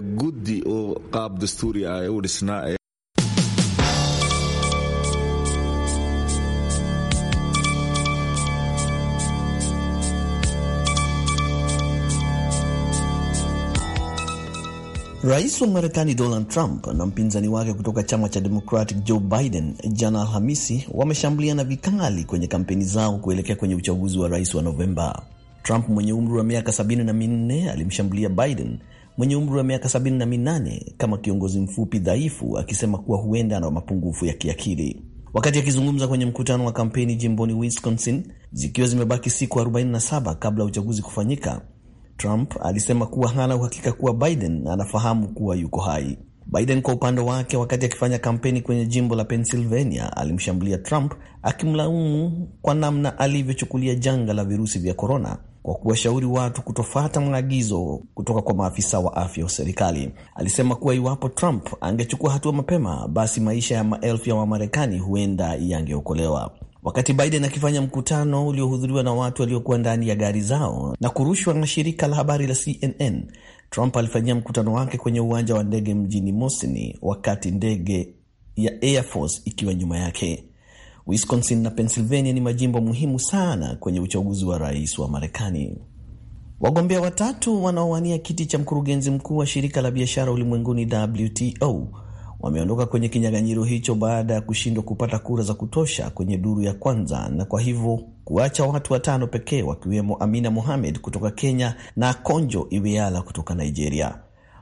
guddi oo qaab dastuuri ah u e, dhisnaa e. Rais wa Marekani Donald Trump na mpinzani wake kutoka chama cha Democratic Joe Biden jana Alhamisi wameshambuliana vikali kwenye kampeni zao kuelekea kwenye uchaguzi wa rais wa Novemba. Trump mwenye umri wa miaka minne alimshambulia Biden mwenye umri wa miaka 78 kama kiongozi mfupi dhaifu, akisema kuwa huenda ana mapungufu ya kiakili. Wakati akizungumza kwenye mkutano wa kampeni jimboni Wisconsin, zikiwa zimebaki siku 47 kabla ya uchaguzi kufanyika, Trump alisema kuwa hana uhakika kuwa Biden anafahamu kuwa yuko hai. Biden kwa upande wake, wakati akifanya kampeni kwenye jimbo la Pennsylvania, alimshambulia Trump akimlaumu kwa namna alivyochukulia janga la virusi vya korona kwa kuwashauri watu kutofuata maagizo kutoka kwa maafisa wa afya wa serikali. Alisema kuwa iwapo Trump angechukua hatua mapema, basi maisha ya maelfu ya Wamarekani huenda yangeokolewa. Wakati Biden akifanya mkutano uliohudhuriwa na watu waliokuwa ndani ya gari zao na kurushwa na shirika la habari la CNN, Trump alifanyia mkutano wake kwenye uwanja wa ndege mjini Mosini, wakati ndege ya Air Force ikiwa nyuma yake. Wisconsin na Pennsylvania ni majimbo muhimu sana kwenye uchaguzi wa rais wa Marekani. Wagombea watatu wanaowania kiti cha mkurugenzi mkuu wa shirika la biashara ulimwenguni WTO wameondoka kwenye kinyang'anyiro hicho baada ya kushindwa kupata kura za kutosha kwenye duru ya kwanza, na kwa hivyo kuacha watu watano pekee wakiwemo Amina Mohamed kutoka Kenya na Akonjo Iweala kutoka Nigeria.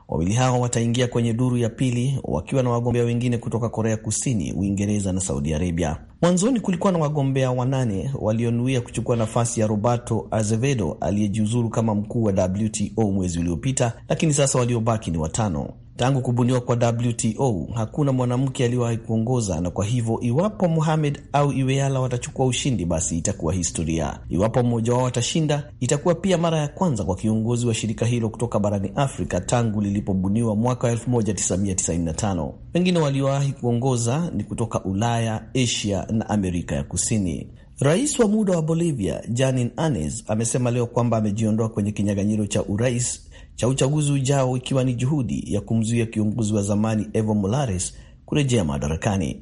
Wawili hao wataingia kwenye duru ya pili wakiwa na wagombea wengine kutoka Korea Kusini, Uingereza na Saudi Arabia. Mwanzoni kulikuwa na wagombea wanane walionuia kuchukua nafasi ya Roberto Azevedo aliyejiuzuru kama mkuu wa WTO mwezi uliopita, lakini sasa waliobaki ni watano. Tangu kubuniwa kwa WTO hakuna mwanamke aliyewahi kuongoza, na kwa hivyo iwapo muhamed au Iweala watachukua ushindi, basi itakuwa historia. Iwapo mmoja wao watashinda, itakuwa pia mara ya kwanza kwa kiongozi wa shirika hilo kutoka barani Afrika tangu lilipobuniwa mwaka 1995. Wengine waliowahi kuongoza ni kutoka Ulaya, Asia na Amerika ya Kusini. Rais wa muda wa Bolivia Janin Anes amesema leo kwamba amejiondoa kwenye kinyang'anyiro cha urais cha uchaguzi ujao, ikiwa ni juhudi ya kumzuia kiongozi wa zamani Evo Morales kurejea madarakani.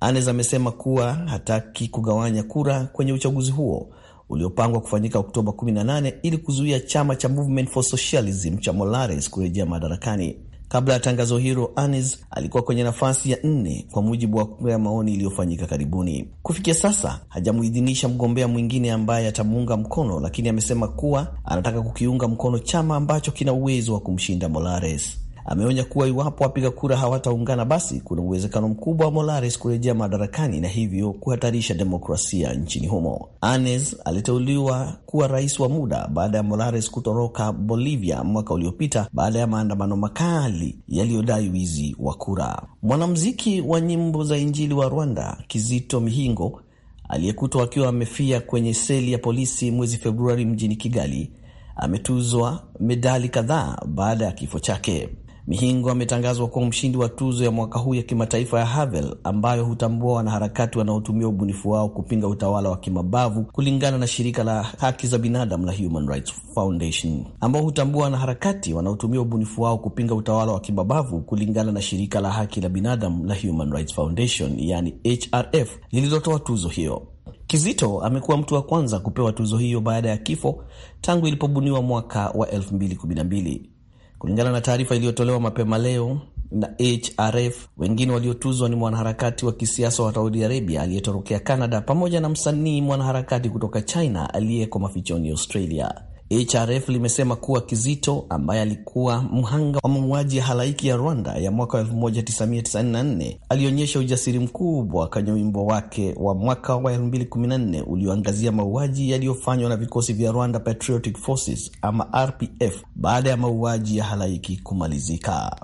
Anes amesema kuwa hataki kugawanya kura kwenye uchaguzi huo uliopangwa kufanyika Oktoba 18 ili kuzuia chama cha Movement for Socialism cha Morales kurejea madarakani. Kabla ya tangazo hilo, Anis alikuwa kwenye nafasi ya nne kwa mujibu wa kura ya maoni iliyofanyika karibuni. Kufikia sasa hajamuidhinisha mgombea mwingine ambaye atamuunga mkono, lakini amesema kuwa anataka kukiunga mkono chama ambacho kina uwezo wa kumshinda Morales. Ameonya kuwa iwapo wapiga kura hawataungana, basi kuna uwezekano mkubwa wa Morales kurejea madarakani na hivyo kuhatarisha demokrasia nchini humo. Anes aliteuliwa kuwa rais wa muda baada ya Morales kutoroka Bolivia mwaka uliopita baada ya maandamano makali yaliyodai wizi wa kura. Mwanamuziki wa nyimbo za Injili wa Rwanda Kizito Mihingo aliyekutwa akiwa amefia kwenye seli ya polisi mwezi Februari mjini Kigali ametuzwa medali kadhaa baada ya kifo chake. Mihingo ametangazwa kuwa mshindi wa tuzo ya mwaka huu ya kimataifa ya Havel ambayo hutambua wanaharakati wanaotumia ubunifu wao kupinga utawala wa kimabavu kulingana na shirika la haki za binadamu la Human Rights Foundation, ambao hutambua wanaharakati wanaotumia ubunifu wao kupinga utawala wa kimabavu kulingana na shirika la haki la binadamu la Human Rights Foundation, yani HRF, lililotoa tuzo hiyo. Kizito amekuwa mtu wa kwanza kupewa tuzo hiyo baada ya kifo tangu ilipobuniwa mwaka wa 2012 kulingana na taarifa iliyotolewa mapema leo na HRF. Wengine waliotuzwa ni mwanaharakati wa kisiasa wa Saudi Arabia aliyetorokea Canada pamoja na msanii mwanaharakati kutoka China aliyeko mafichoni Australia. HRF limesema kuwa Kizito ambaye alikuwa mhanga wa mauaji ya halaiki ya Rwanda ya mwaka 1994 alionyesha ujasiri mkubwa kwenye wimbo wake wa mwaka wa 2014 ulioangazia mauaji yaliyofanywa na vikosi vya Rwanda Patriotic Forces ama RPF baada ya mauaji ya halaiki kumalizika.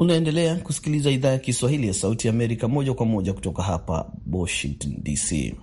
Unaendelea kusikiliza idhaa ya Kiswahili ya Sauti ya Amerika moja kwa moja kutoka hapa Washington DC.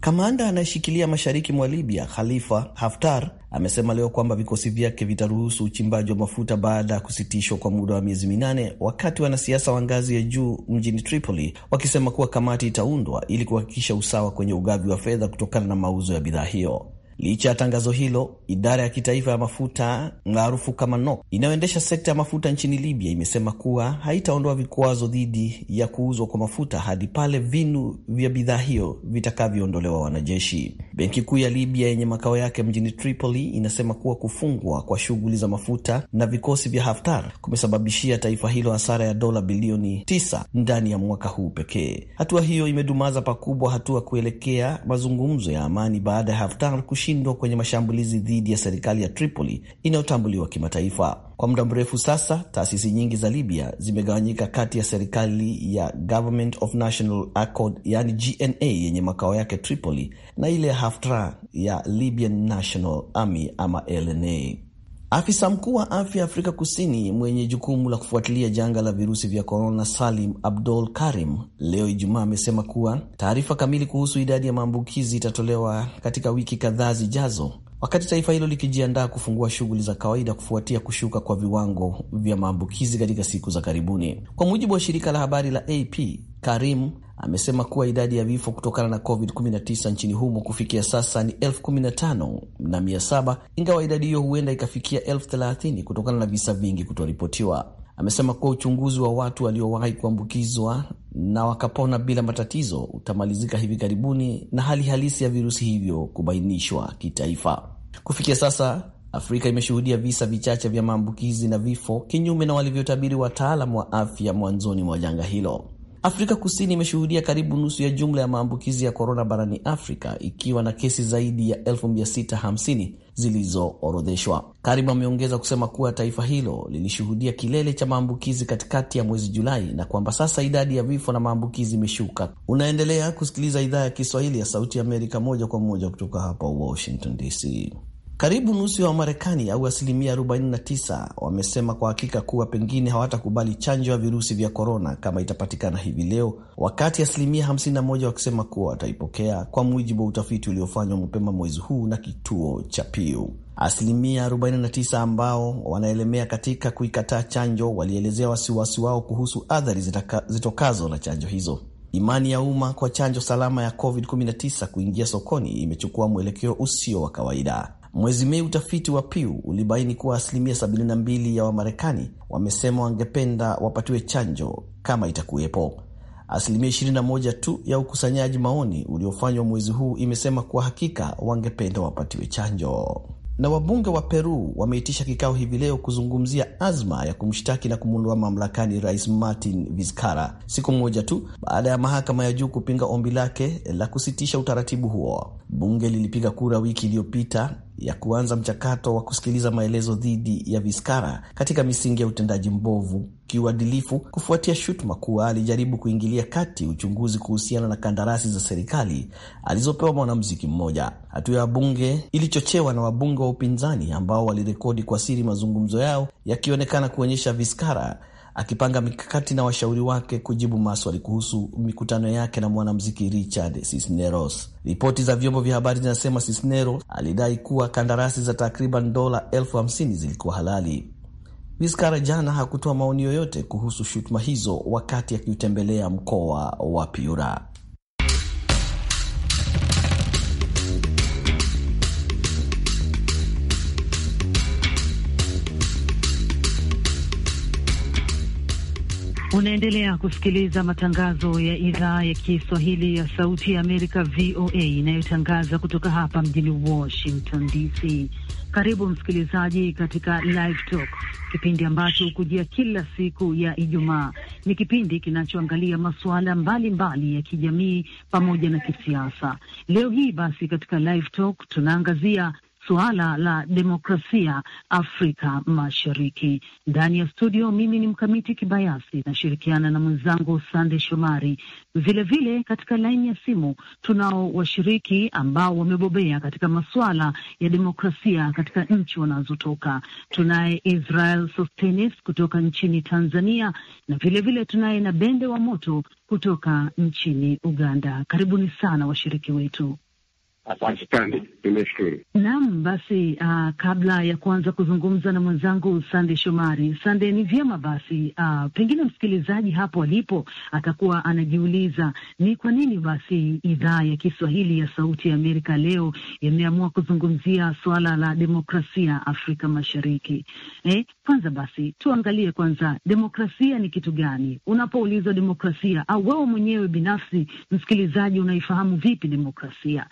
Kamanda anayeshikilia mashariki mwa Libya, Khalifa Haftar, amesema leo kwamba vikosi vyake vitaruhusu uchimbaji wa mafuta baada ya kusitishwa kwa muda wa miezi minane, wakati wanasiasa wa ngazi ya juu mjini Tripoli wakisema kuwa kamati itaundwa ili kuhakikisha usawa kwenye ugavi wa fedha kutokana na mauzo ya bidhaa hiyo. Licha ya tangazo hilo, idara ya kitaifa ya mafuta maarufu kama NOC inayoendesha sekta ya mafuta nchini Libya imesema kuwa haitaondoa vikwazo dhidi ya kuuzwa kwa mafuta hadi pale vinu vya bidhaa hiyo vitakavyoondolewa wanajeshi. Benki Kuu ya Libya yenye makao yake mjini Tripoli inasema kuwa kufungwa kwa shughuli za mafuta na vikosi vya Haftar kumesababishia taifa hilo hasara ya dola bilioni 9 ndani ya mwaka huu pekee. Hatua hiyo imedumaza pakubwa hatua kuelekea mazungumzo ya amani baada ya Haftar kushindwa kushindwa kwenye mashambulizi dhidi ya serikali ya Tripoli inayotambuliwa kimataifa. Kwa muda mrefu sasa, taasisi nyingi za Libya zimegawanyika kati ya serikali ya Government of National Accord, yani GNA, yenye makao yake Tripoli na ile ya Haftar ya Libyan National Army ama LNA. Afisa mkuu wa afya Afrika Kusini mwenye jukumu la kufuatilia janga la virusi vya korona, Salim Abdul Karim, leo Ijumaa, amesema kuwa taarifa kamili kuhusu idadi ya maambukizi itatolewa katika wiki kadhaa zijazo, wakati taifa hilo likijiandaa kufungua shughuli za kawaida kufuatia kushuka kwa viwango vya maambukizi katika siku za karibuni. Kwa mujibu wa shirika la habari la AP, Karim amesema kuwa idadi ya vifo kutokana na COVID-19 nchini humo kufikia sasa ni elfu na ingawa idadi hiyo huenda ikafikia 30 kutokana na visa vingi kutoripotiwa amesema kuwa uchunguzi wa watu waliowahi kuambukizwa na wakapona bila matatizo utamalizika hivi karibuni na hali halisi ya virusi hivyo kubainishwa kitaifa. Kufikia sasa, Afrika imeshuhudia visa vichache vya maambukizi na vifo, kinyume na walivyotabiri wataalam wa afya mwanzoni mwa janga hilo. Afrika Kusini imeshuhudia karibu nusu ya jumla ya maambukizi ya korona barani Afrika ikiwa na kesi zaidi ya 650 zilizoorodheshwa. Karibu ameongeza kusema kuwa taifa hilo lilishuhudia kilele cha maambukizi katikati ya mwezi Julai na kwamba sasa idadi ya vifo na maambukizi imeshuka. Unaendelea kusikiliza idhaa ya Kiswahili ya Sauti ya Amerika moja kwa moja kutoka hapa Washington DC. Karibu nusu ya Wamarekani au asilimia 49 wamesema kwa hakika kuwa pengine hawatakubali chanjo ya virusi vya korona kama itapatikana hivi leo, wakati asilimia 51 wakisema kuwa wataipokea, kwa mujibu wa utafiti uliofanywa mapema mwezi huu na kituo cha Pew. Asilimia 49 ambao wanaelemea katika kuikataa chanjo walielezea wasiwasi wao kuhusu athari zitokazo na chanjo hizo. Imani ya umma kwa chanjo salama ya COVID-19 kuingia sokoni imechukua mwelekeo usio wa kawaida. Mwezi Mei, utafiti wa Pew ulibaini kuwa asilimia 72 ya Wamarekani wamesema wangependa wapatiwe chanjo kama itakuwepo. Asilimia 21 tu ya ukusanyaji maoni uliofanywa mwezi huu imesema kuwa hakika wangependa wapatiwe chanjo. Na wabunge wa Peru wameitisha kikao hivi leo kuzungumzia azma ya kumshtaki na kumwondoa mamlakani Rais Martin Vizcarra siku moja tu baada ya mahakama ya juu kupinga ombi lake la kusitisha utaratibu huo. Bunge lilipiga kura wiki iliyopita ya kuanza mchakato wa kusikiliza maelezo dhidi ya Viskara katika misingi ya utendaji mbovu kiuadilifu kufuatia shutuma kuwa alijaribu kuingilia kati uchunguzi kuhusiana na kandarasi za serikali alizopewa mwanamuziki mmoja. Hatua ya bunge ilichochewa na wabunge wa upinzani ambao walirekodi kwa siri mazungumzo yao yakionekana kuonyesha Viskara akipanga mikakati na washauri wake kujibu maswali kuhusu mikutano yake na mwanamuziki Richard Cisneros. Ripoti za vyombo vya habari zinasema Cisneros alidai kuwa kandarasi za takriban dola elfu hamsini zilikuwa halali. viskara jana hakutoa maoni yoyote kuhusu shutuma hizo wakati akiutembelea mkoa wa Piura. Unaendelea kusikiliza matangazo ya idhaa ya Kiswahili ya Sauti ya Amerika, VOA, inayotangaza kutoka hapa mjini Washington DC. Karibu msikilizaji katika Live Talk, kipindi ambacho hukujia kila siku ya Ijumaa. Ni kipindi kinachoangalia masuala mbalimbali ya kijamii pamoja na kisiasa. Leo hii basi katika Live Talk tunaangazia suala la demokrasia Afrika Mashariki. Ndani ya studio, mimi ni Mkamiti Kibayasi, nashirikiana na mwenzangu Sande Shomari. Vilevile vile, katika laini ya simu tunao washiriki ambao wamebobea katika masuala ya demokrasia katika nchi wanazotoka. Tunaye Israel Sostenis kutoka nchini Tanzania na vilevile tunaye na Bende wa Moto kutoka nchini Uganda. Karibuni sana washiriki wetu. Asante, nimeshukuru. Naam, basi uh, kabla ya kuanza kuzungumza na mwenzangu Sande Shomari, Sande, ni vyema basi, uh, pengine msikilizaji hapo alipo atakuwa anajiuliza ni kwa nini basi idhaa ya Kiswahili ya Sauti ya Amerika leo imeamua kuzungumzia suala la demokrasia Afrika Mashariki. Eh, kwanza basi tuangalie kwanza demokrasia ni kitu gani. Unapoulizwa demokrasia, au wewe mwenyewe binafsi msikilizaji, unaifahamu vipi demokrasia?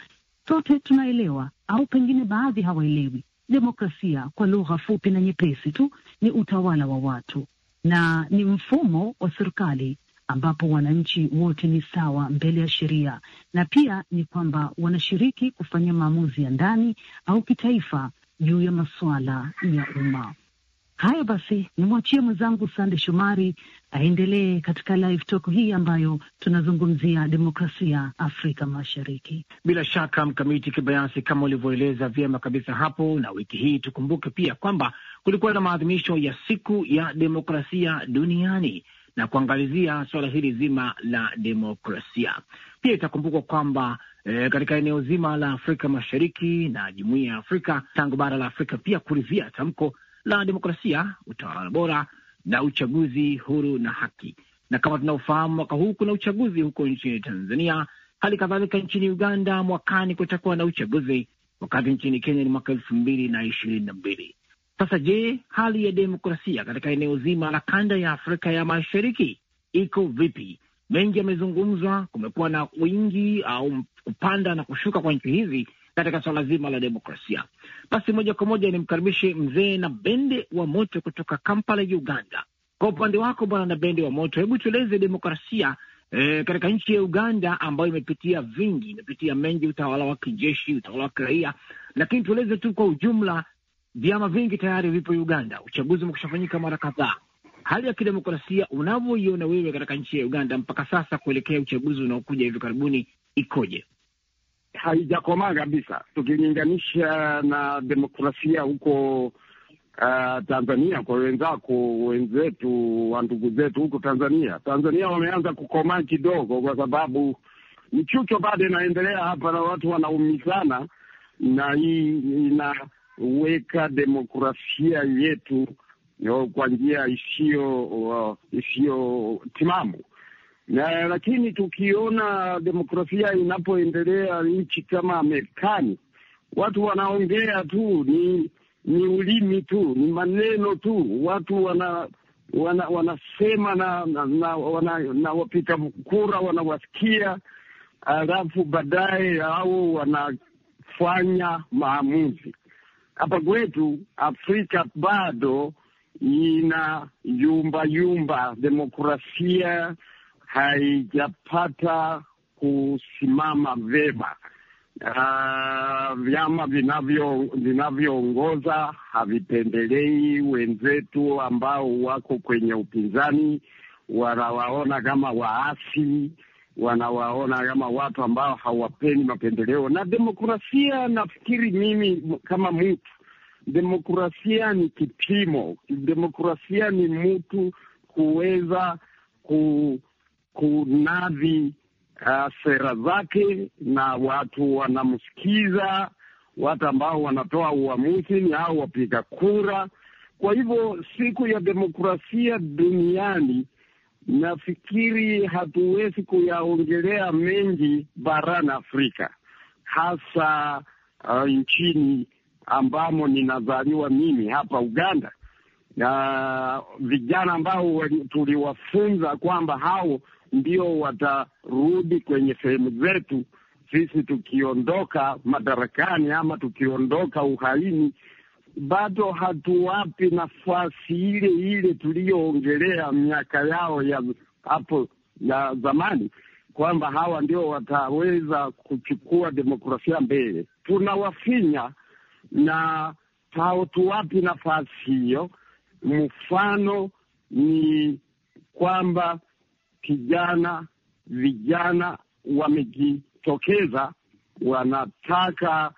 Sote tunaelewa au pengine baadhi hawaelewi. Demokrasia kwa lugha fupi na nyepesi tu ni utawala wa watu na ni mfumo wa serikali ambapo wananchi wote ni sawa mbele ya sheria, na pia ni kwamba wanashiriki kufanya maamuzi ya ndani au kitaifa juu ya masuala ya umma. Haya basi, nimwachie mwenzangu Sande Shomari aendelee katika live talk hii ambayo tunazungumzia demokrasia Afrika Mashariki. Bila shaka Mkamiti Kibayasi, kama ulivyoeleza vyema kabisa hapo, na wiki hii tukumbuke pia kwamba kulikuwa na maadhimisho ya siku ya demokrasia duniani na kuangalizia suala hili zima la demokrasia. Pia itakumbukwa kwamba e, katika eneo zima la Afrika Mashariki na jumuiya ya Afrika tangu bara la Afrika pia kuridhia tamko la demokrasia, utawala bora na uchaguzi huru na haki. Na kama tunaofahamu, mwaka huu kuna uchaguzi huko nchini Tanzania, hali kadhalika nchini Uganda mwakani kutakuwa na uchaguzi, wakati nchini Kenya ni mwaka elfu mbili na ishirini na mbili. Sasa je, hali ya demokrasia katika eneo zima la kanda ya Afrika ya Mashariki iko vipi? Mengi yamezungumzwa, kumekuwa na wingi au kupanda na kushuka kwa nchi hizi, katika swala zima la demokrasia. Basi moja kwa moja nimkaribishe mzee na bende wa moto kutoka Kampala, Uganda. Kwa upande wako bwana na bende wa moto, hebu tueleze demokrasia e, katika nchi ya Uganda ambayo imepitia vingi, imepitia mengi, utawala wa kijeshi, utawala wa kiraia, lakini tueleze tu kwa ujumla, vyama vingi tayari vipo Uganda, uchaguzi umekushafanyika mara kadhaa hali ya kidemokrasia unavyoiona wewe katika nchi ya Uganda mpaka sasa kuelekea uchaguzi unaokuja hivi karibuni ikoje? haijakomaa kabisa tukilinganisha na demokrasia huko uh, Tanzania kwa wenzako wenzetu wa ndugu zetu huko Tanzania. Tanzania wameanza kukomaa kidogo, kwa sababu michucho bado inaendelea hapa na watu wanaumizana, na hii inaweka demokrasia yetu uh, kwa njia isiyo uh, isiyo timamu na lakini tukiona demokrasia inapoendelea nchi kama Marekani, watu wanaongea tu, ni ni ulimi tu, ni maneno tu, watu wana wana wanasema na, na, na, wana, na wapita kura wanawasikia, alafu baadaye au wanafanya maamuzi. Hapa kwetu Afrika bado ina yumba yumba demokrasia haijapata kusimama vyema. Uh, vyama vinavyoongoza havipendelei wenzetu ambao wako kwenye upinzani, wanawaona kama waasi, wanawaona kama watu ambao hawapendi mapendeleo na demokrasia. Nafikiri mimi kama mtu, demokrasia ni kipimo, demokrasia ni mtu kuweza ku kunadhi uh, sera zake na watu wanamsikiza. Watu ambao wanatoa uamuzi ni hao wapiga kura. Kwa hivyo siku ya demokrasia duniani, nafikiri hatuwezi kuyaongelea mengi barani Afrika, hasa uh, nchini ambamo ninazaliwa mimi hapa Uganda, na vijana ambao tuliwafunza kwamba hao ndio watarudi kwenye sehemu zetu sisi tukiondoka madarakani ama tukiondoka uhaini, bado hatuwapi nafasi ile ile tuliyoongelea miaka yao ya hapo ya zamani, kwamba hawa ndio wataweza kuchukua demokrasia mbele. Tunawafinya na hatuwapi nafasi hiyo. Mfano ni kwamba kijana vijana wamejitokeza, wanataka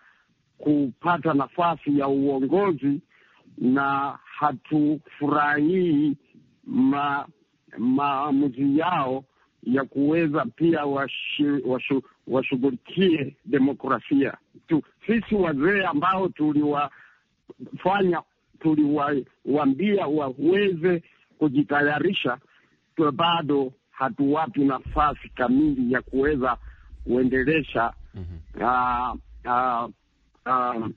kupata nafasi ya uongozi, na hatufurahii maamuzi yao ya kuweza pia washughulikie demokrasia tu. Sisi wazee ambao tuliwafanya tuliwaambia waweze kujitayarisha, bado hatuwapi nafasi kamili ya kuweza kuendelesha mhm. ah, ah, ah,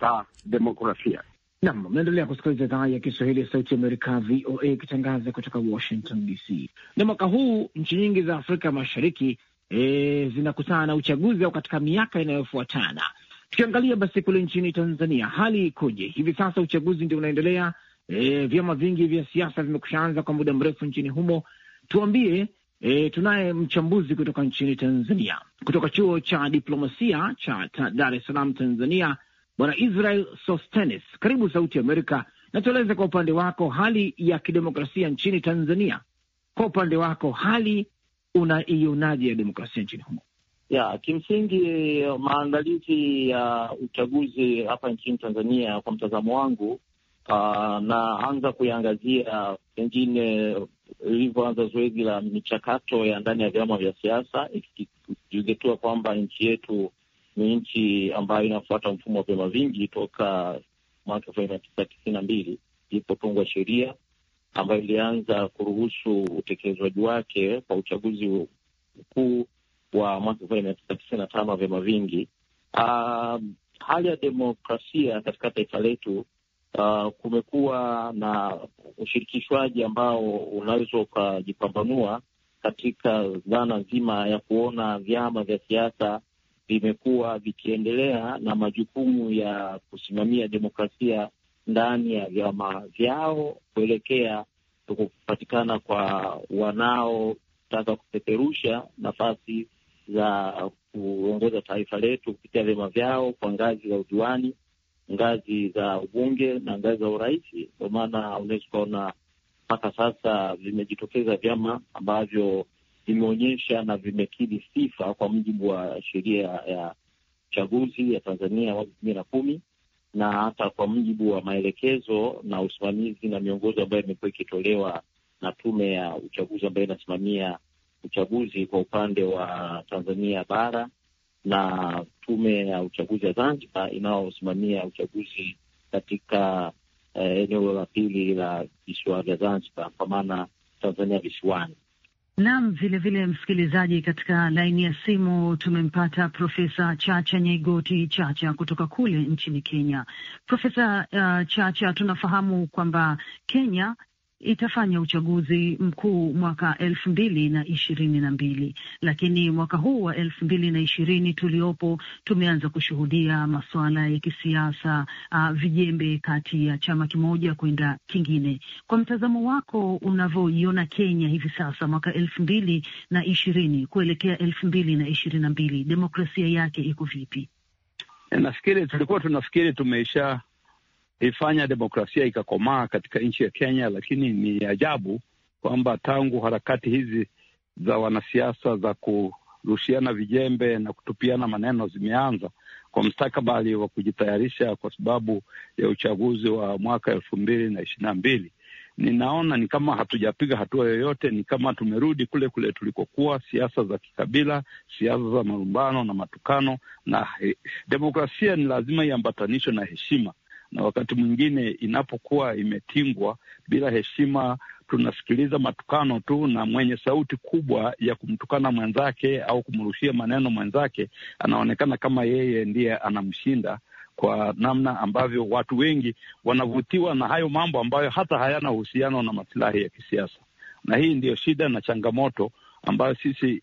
za demokrasia. Nam, meendelea kusikiliza idhaa ya Kiswahili ya Sauti Amerika, VOA, ikitangaza kutoka Washington DC. Na mwaka huu nchi nyingi za Afrika Mashariki e, zinakutana na uchaguzi au katika miaka inayofuatana. Tukiangalia basi kule nchini Tanzania, hali ikoje hivi sasa? Uchaguzi ndio unaendelea. E, vyama vingi vya siasa vimekushaanza kwa muda mrefu nchini humo, Tuambie e, tunaye mchambuzi kutoka nchini Tanzania, kutoka chuo cha diplomasia cha Dar es Salaam, Tanzania, Bwana Israel Sostenis, karibu Sauti ya Amerika na tueleze kwa upande wako hali ya kidemokrasia nchini Tanzania. Kwa upande wako hali unaionaje ya demokrasia nchini humo? Ya kimsingi eh, maandalizi ya uh, uchaguzi hapa nchini Tanzania, kwa mtazamo wangu uh, ah, naanza kuiangazia pengine ilivyoanza zoezi la michakato ya ndani ya vyama vya siasa, ikizingatiwa kwamba nchi yetu ni nchi ambayo inafuata mfumo wa vyama vingi toka mwaka elfu moja mia tisa tisini na mbili ilipotungwa sheria ambayo ilianza kuruhusu utekelezwaji wake kwa uchaguzi mkuu wa mwaka elfu moja mia tisa tisini na tano wa vyama vingi. Uh, hali ya demokrasia katika taifa letu uh, kumekuwa na ushirikishwaji ambao unaweza ukajipambanua katika dhana nzima ya kuona vyama vya siasa vimekuwa vikiendelea na majukumu ya kusimamia demokrasia ndani ya vyama vyao kuelekea kupatikana kwa wanaotaka kupeperusha nafasi za kuongoza taifa letu kupitia vyama vyao kwa ngazi za udiwani ngazi za ubunge na ngazi za urais. Kwa maana unaweza ukaona mpaka sasa vimejitokeza vyama ambavyo vimeonyesha na vimekidhi sifa kwa mujibu wa sheria ya uchaguzi ya Tanzania wa elfu mbili na kumi na hata kwa mujibu wa maelekezo na usimamizi na miongozo ambayo imekuwa ikitolewa na tume ya uchaguzi ambayo inasimamia uchaguzi kwa upande wa Tanzania bara na tume ya uchaguzi ya Zanzibar inayosimamia uchaguzi katika eh, eneo la pili la visiwa vya Zanzibar, kwa maana Tanzania visiwani. Naam, vilevile msikilizaji, katika laini ya simu tumempata Profesa Chacha Nyaigoti Chacha kutoka kule nchini Kenya. Profesa uh, Chacha, tunafahamu kwamba Kenya itafanya uchaguzi mkuu mwaka elfu mbili na ishirini na mbili, lakini mwaka huu wa elfu mbili na ishirini tuliopo tumeanza kushuhudia masuala ya kisiasa uh, vijembe kati ya chama kimoja kwenda kingine. Kwa mtazamo wako unavyoiona Kenya hivi sasa mwaka elfu mbili na ishirini kuelekea elfu mbili na ishirini na mbili, demokrasia yake iko vipi? Nafikiri tulikuwa tunafikiri tumeisha ifanya demokrasia ikakomaa katika nchi ya Kenya, lakini ni ajabu kwamba tangu harakati hizi za wanasiasa za kurushiana vijembe na kutupiana maneno zimeanza kwa mstakabali wa kujitayarisha kwa sababu ya uchaguzi wa mwaka elfu mbili na ishirini na mbili, ninaona ni kama hatujapiga hatua yoyote. Ni kama tumerudi kule kule tulikokuwa, siasa za kikabila, siasa za marumbano na matukano. Na he, demokrasia ni lazima iambatanishwe na heshima na wakati mwingine inapokuwa imetingwa bila heshima, tunasikiliza matukano tu, na mwenye sauti kubwa ya kumtukana mwenzake au kumrushia maneno mwenzake anaonekana kama yeye ndiye anamshinda kwa namna ambavyo watu wengi wanavutiwa na hayo mambo ambayo hata hayana uhusiano na masilahi ya kisiasa. Na hii ndiyo shida na changamoto ambayo sisi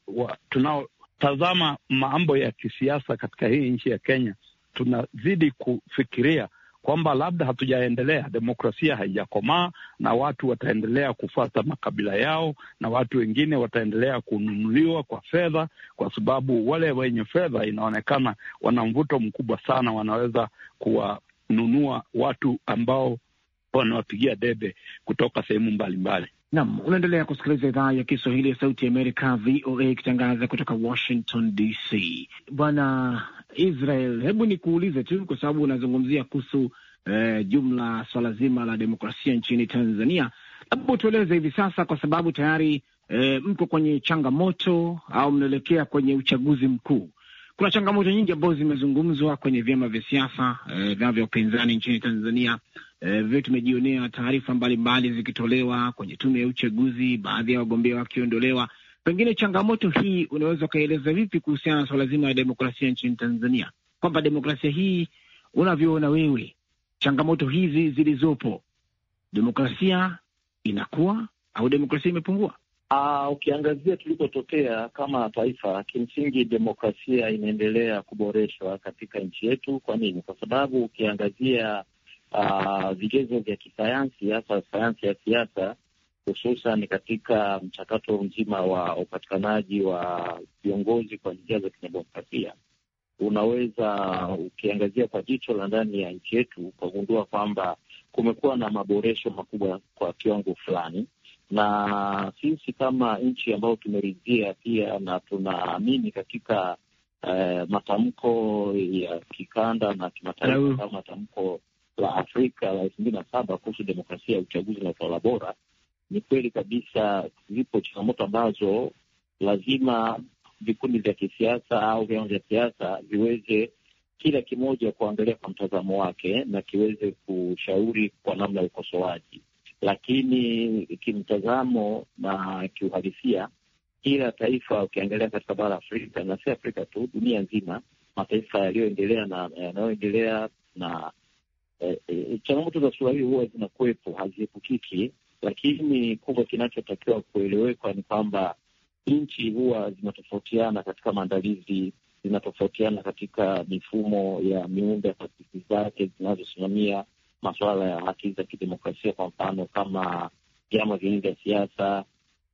tunaotazama mambo ya kisiasa katika hii nchi ya Kenya tunazidi kufikiria kwamba labda hatujaendelea, demokrasia haijakomaa, na watu wataendelea kufuata makabila yao, na watu wengine wataendelea kununuliwa kwa fedha, kwa sababu wale wenye fedha inaonekana wana mvuto mkubwa sana, wanaweza kuwanunua watu ambao wanawapigia debe kutoka sehemu mbalimbali. Nam, unaendelea kusikiliza idhaa ya Kiswahili ya Sauti ya Amerika, VOA, ikitangaza kutoka Washington DC. Bwana Israel. Hebu nikuulize tu kwa sababu unazungumzia kuhusu eh, jumla swala zima la demokrasia nchini Tanzania, labda utueleze hivi sasa, kwa sababu tayari eh, mko kwenye changamoto au mnaelekea kwenye uchaguzi mkuu. Kuna changamoto nyingi ambazo zimezungumzwa kwenye vyama vya siasa eh, vyama vya upinzani nchini Tanzania. Eh, vile tumejionea taarifa mbalimbali zikitolewa kwenye tume ya uchaguzi, baadhi ya wagombea wakiondolewa Pengine changamoto hii unaweza ukaeleza vipi kuhusiana na swala zima la demokrasia nchini Tanzania, kwamba demokrasia hii unavyoona wewe, changamoto hizi zilizopo, demokrasia inakuwa au demokrasia imepungua? Aa, ah, ukiangazia tulikotokea kama taifa, kimsingi demokrasia inaendelea kuboreshwa katika nchi yetu. Kwa nini? Kwa sababu ukiangazia ah, vigezo vya kisayansi, hasa sayansi ya siasa hususan katika mchakato mzima wa upatikanaji wa viongozi kwa njia za kidemokrasia, unaweza ukiangazia kwa jicho la ndani ya nchi yetu ukagundua kwamba kumekuwa na maboresho makubwa kwa kiwango fulani, na sisi kama nchi ambayo tumeridhia pia na tunaamini katika eh, matamko ya kikanda na kimataifa kama matamko la Afrika la elfu mbili na saba kuhusu demokrasia ya uchaguzi na utawala bora ni kweli kabisa, zipo changamoto ambazo lazima vikundi vya kisiasa au vyama vya siasa viweze kila kimoja kuangalia kwa mtazamo wake na kiweze kushauri kwa namna ya ukosoaji, lakini kimtazamo na kiuhalisia, kila taifa ukiangalia katika bara la Afrika na si Afrika tu, dunia nzima, mataifa yaliyoendelea na yanayoendelea na eh, eh, changamoto za sura hii huwa zinakuwepo, haziepukiki lakini kubwa kinachotakiwa kuelewekwa ni kwamba nchi huwa zinatofautiana katika maandalizi, zinatofautiana katika mifumo ya miundo ya taasisi zake zinazosimamia masuala ya haki za kidemokrasia, kwa mfano kama vyama vingi vya siasa,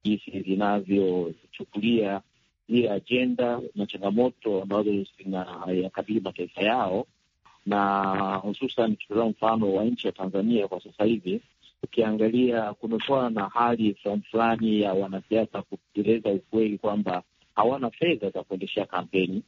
jinsi zinavyochukulia zile ajenda na changamoto ambazo zinayakabili mataifa yao, na hususan tukitazama mfano wa nchi ya Tanzania kwa sasa hivi ukiangalia kumekuwa na hali fulani fulani ya wanasiasa kutekeleza ukweli kwamba hawana fedha za kuendeshea kampeni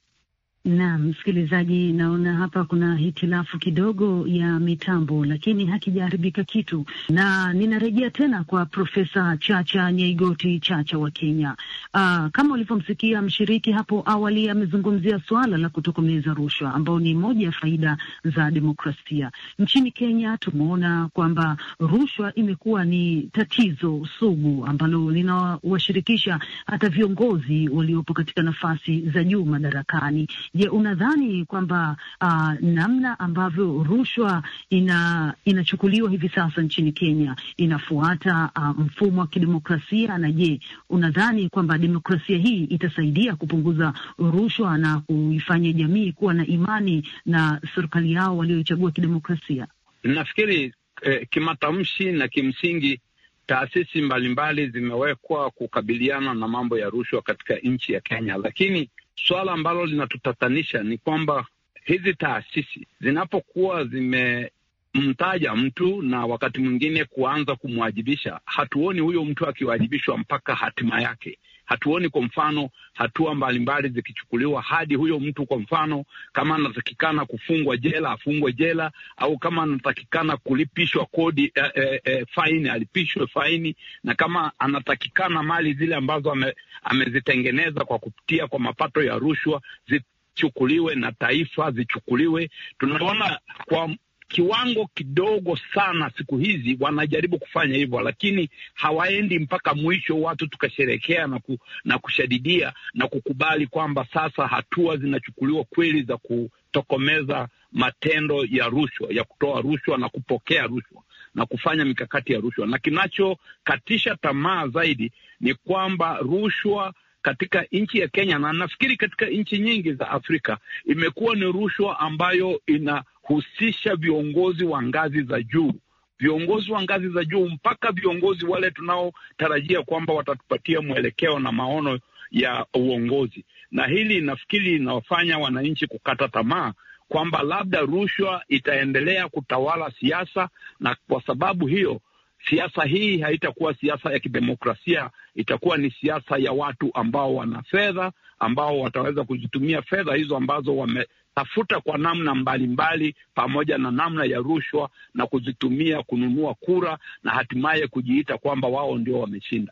Naam, msikilizaji, naona hapa kuna hitilafu kidogo ya mitambo, lakini hakijaharibika kitu, na ninarejea tena kwa Profesa Chacha Nyaigoti Chacha wa Kenya. Aa, ah, kama ulivyomsikia mshiriki hapo awali, amezungumzia suala la kutokomeza rushwa, ambao ni moja ya faida za demokrasia nchini Kenya. Tumeona kwamba rushwa imekuwa ni tatizo sugu ambalo linawashirikisha hata viongozi waliopo katika nafasi za juu madarakani Je, unadhani kwamba uh, namna ambavyo rushwa ina, inachukuliwa hivi sasa nchini Kenya inafuata uh, mfumo wa kidemokrasia? Na je, unadhani kwamba demokrasia hii itasaidia kupunguza rushwa na kuifanya jamii kuwa na imani na serikali yao walioichagua kidemokrasia? Nafikiri eh, kimatamshi na kimsingi taasisi mbalimbali zimewekwa kukabiliana na mambo ya rushwa katika nchi ya Kenya, lakini Suala ambalo linatutatanisha ni kwamba hizi taasisi zinapokuwa zimemtaja mtu na wakati mwingine kuanza kumwajibisha, hatuoni huyo mtu akiwajibishwa mpaka hatima yake. Hatuoni kwa mfano hatua mbalimbali zikichukuliwa hadi huyo mtu, kwa mfano, kama anatakikana kufungwa jela afungwe jela, au kama anatakikana kulipishwa kodi eh, eh, eh, faini alipishwe faini, na kama anatakikana mali zile ambazo ame, amezitengeneza kwa kupitia kwa mapato ya rushwa zichukuliwe na taifa zichukuliwe. Tunaona kwa kiwango kidogo sana. Siku hizi wanajaribu kufanya hivyo, lakini hawaendi mpaka mwisho, watu tukasherekea na, ku, na kushadidia na kukubali kwamba sasa hatua zinachukuliwa kweli za kutokomeza matendo ya rushwa, ya kutoa rushwa na kupokea rushwa na kufanya mikakati ya rushwa. Na kinachokatisha tamaa zaidi ni kwamba rushwa katika nchi ya Kenya na nafikiri katika nchi nyingi za Afrika imekuwa ni rushwa ambayo inahusisha viongozi wa ngazi za juu viongozi wa ngazi za juu mpaka viongozi wale tunaotarajia kwamba watatupatia mwelekeo na maono ya uongozi. Na hili nafikiri linawafanya wananchi kukata tamaa kwamba labda rushwa itaendelea kutawala siasa, na kwa sababu hiyo siasa hii haitakuwa siasa ya kidemokrasia, itakuwa ni siasa ya watu ambao wana fedha, ambao wataweza kuzitumia fedha hizo ambazo wametafuta kwa namna mbalimbali mbali, pamoja na namna ya rushwa na kuzitumia kununua kura na hatimaye kujiita kwamba wao ndio wameshinda.